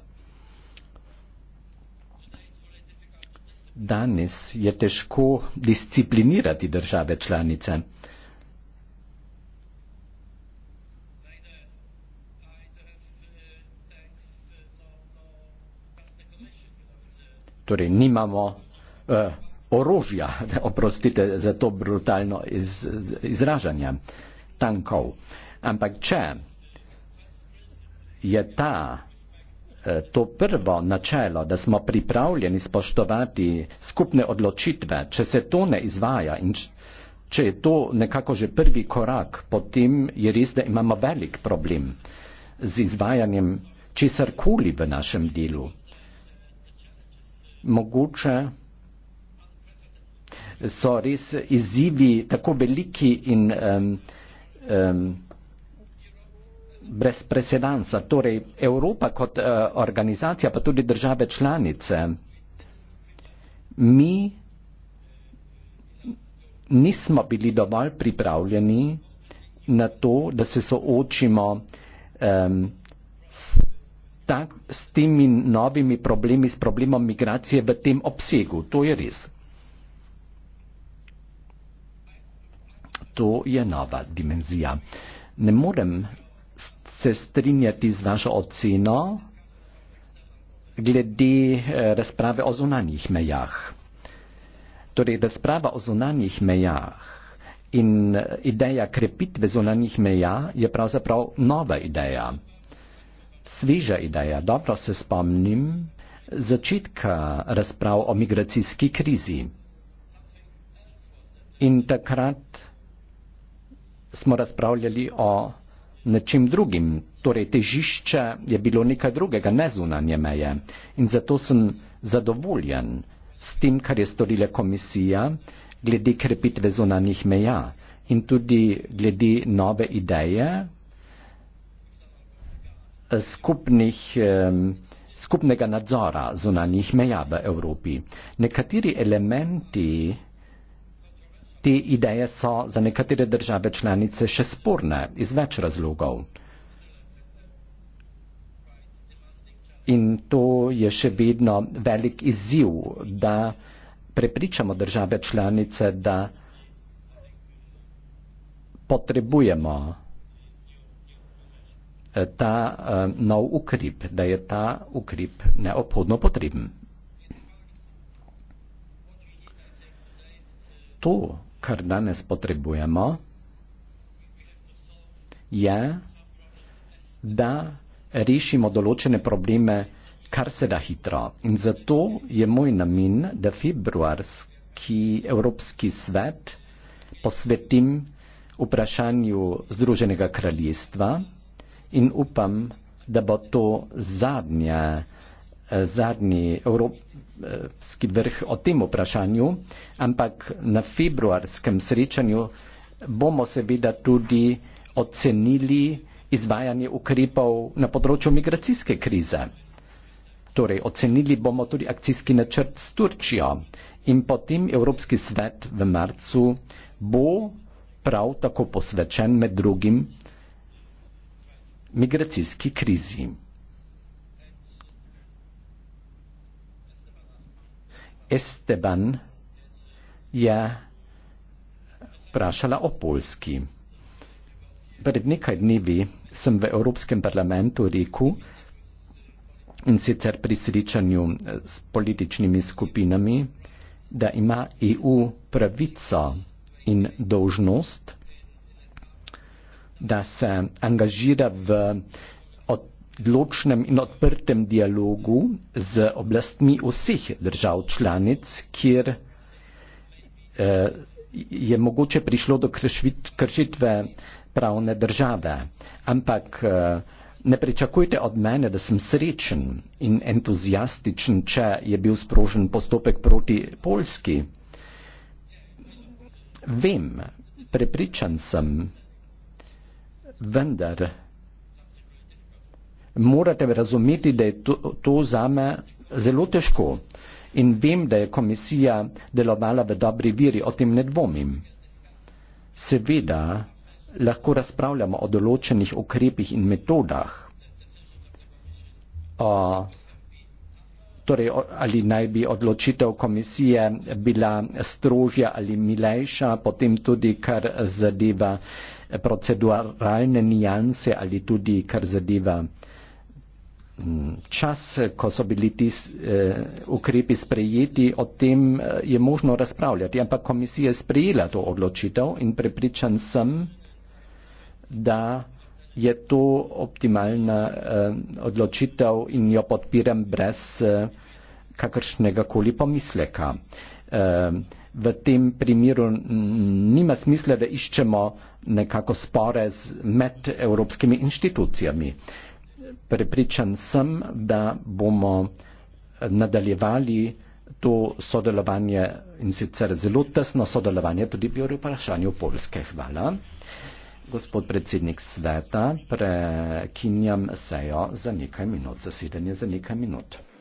Danes je težko disciplinirati države članice. Torej, nimamo uh, orožja, (laughs) oprostite za to brutalno iz, izražanje, tankov. Ampak če je ta Eh, to prvo načelo, da smo pripravljeni spoštovati skupne odločitve, če se to ne izvaja in če je to nekako že prvi korak, potem je res, da imamo velik problem z izvajanjem česarkoli v našem delu. Mogoče so res izzivi tako veliki in um, um, brez presedansa. Torej Evropa kot uh, organizacija, pa tudi države članice, mi nismo bili dovolj pripravljeni na to, da se soočimo um, s, tak, s temi novimi problemi, s problemom migracije v tem obsegu. To je res. To je nova dimenzija. Ne morem se strinjati z vašo oceno glede eh, razprave o zunanjih mejah. Torej, razprava o zunanjih mejah in eh, ideja krepitve zunanjih meja je pravzaprav nova ideja, sveža ideja. Dobro se spomnim začetka razprav o migracijski krizi. In takrat smo razpravljali o nečim drugim. Torej, težišče je bilo nekaj drugega, ne zunanje meje. In zato sem zadovoljen s tem, kar je storila komisija glede krepitve zunanjih meja in tudi glede nove ideje eh, skupnih, skupnega nadzora zunanjih meja v Evropi. Nekateri elementi Te ideje so za nekatere države članice še sporne iz več razlogov. In to je še vedno velik izziv, da prepričamo države članice, da potrebujemo eh, ta uh, nov ukrip, da je ta ukrip neophodno potreben. To, kar danes potrebujemo, je, da rešimo določene probleme kar se da hitro. In zato je moj namen, da februarski Evropski svet posvetim vprašanju Združenega kraljestva in upam, da bo to zadnje zadnji evropski vrh o tem vprašanju, ampak na februarskem srečanju bomo seveda tudi ocenili izvajanje ukrepov na področju migracijske krize. Torej, ocenili bomo tudi akcijski načrt s Turčijo in potem Evropski svet v marcu bo prav tako posvečen med drugim migracijski krizi. Esteban je vprašala o Polski. Pred nekaj dnevi sem v Evropskem parlamentu rekel in sicer pri srečanju eh, s političnimi skupinami, da ima EU pravico in dožnost, da se angažira v odločnem in odprtem dialogu z oblastmi vseh držav članic, kjer eh, je mogoče prišlo do kršitve pravne države. Ampak eh, ne pričakujte od mene, da sem srečen in entuzijastičen, če je bil sprožen postopek proti Polski. Vem, prepričan sem, vendar morate razumeti, da je to, to zame zelo težko. In vem, da je komisija delovala v dobri veri, o tem ne dvomim. Seveda lahko razpravljamo o določenih ukrepih in metodah, o, torej, ali naj bi odločitev komisije bila strožja ali milejša, potem tudi, kar zadeva proceduralne nijanse ali tudi, kar zadeva čas, ko so bili ti eh, ukrepi sprejeti, o tem eh, je možno razpravljati. Ampak komisija je sprejela to odločitev in prepričan sem, da je to optimalna eh, odločitev in jo podpiram brez kakršnega koli pomisleka. V tem primeru nima smisla, da iščemo nekako spore med evropskimi inštitucijami prepričan sem, da bomo nadaljevali to sodelovanje in sicer zelo tesno sodelovanje tudi pri vprašanju Polske. Hvala. Gospod predsednik sveta, prekinjam sejo za nekaj minut, zasedanje za nekaj minut.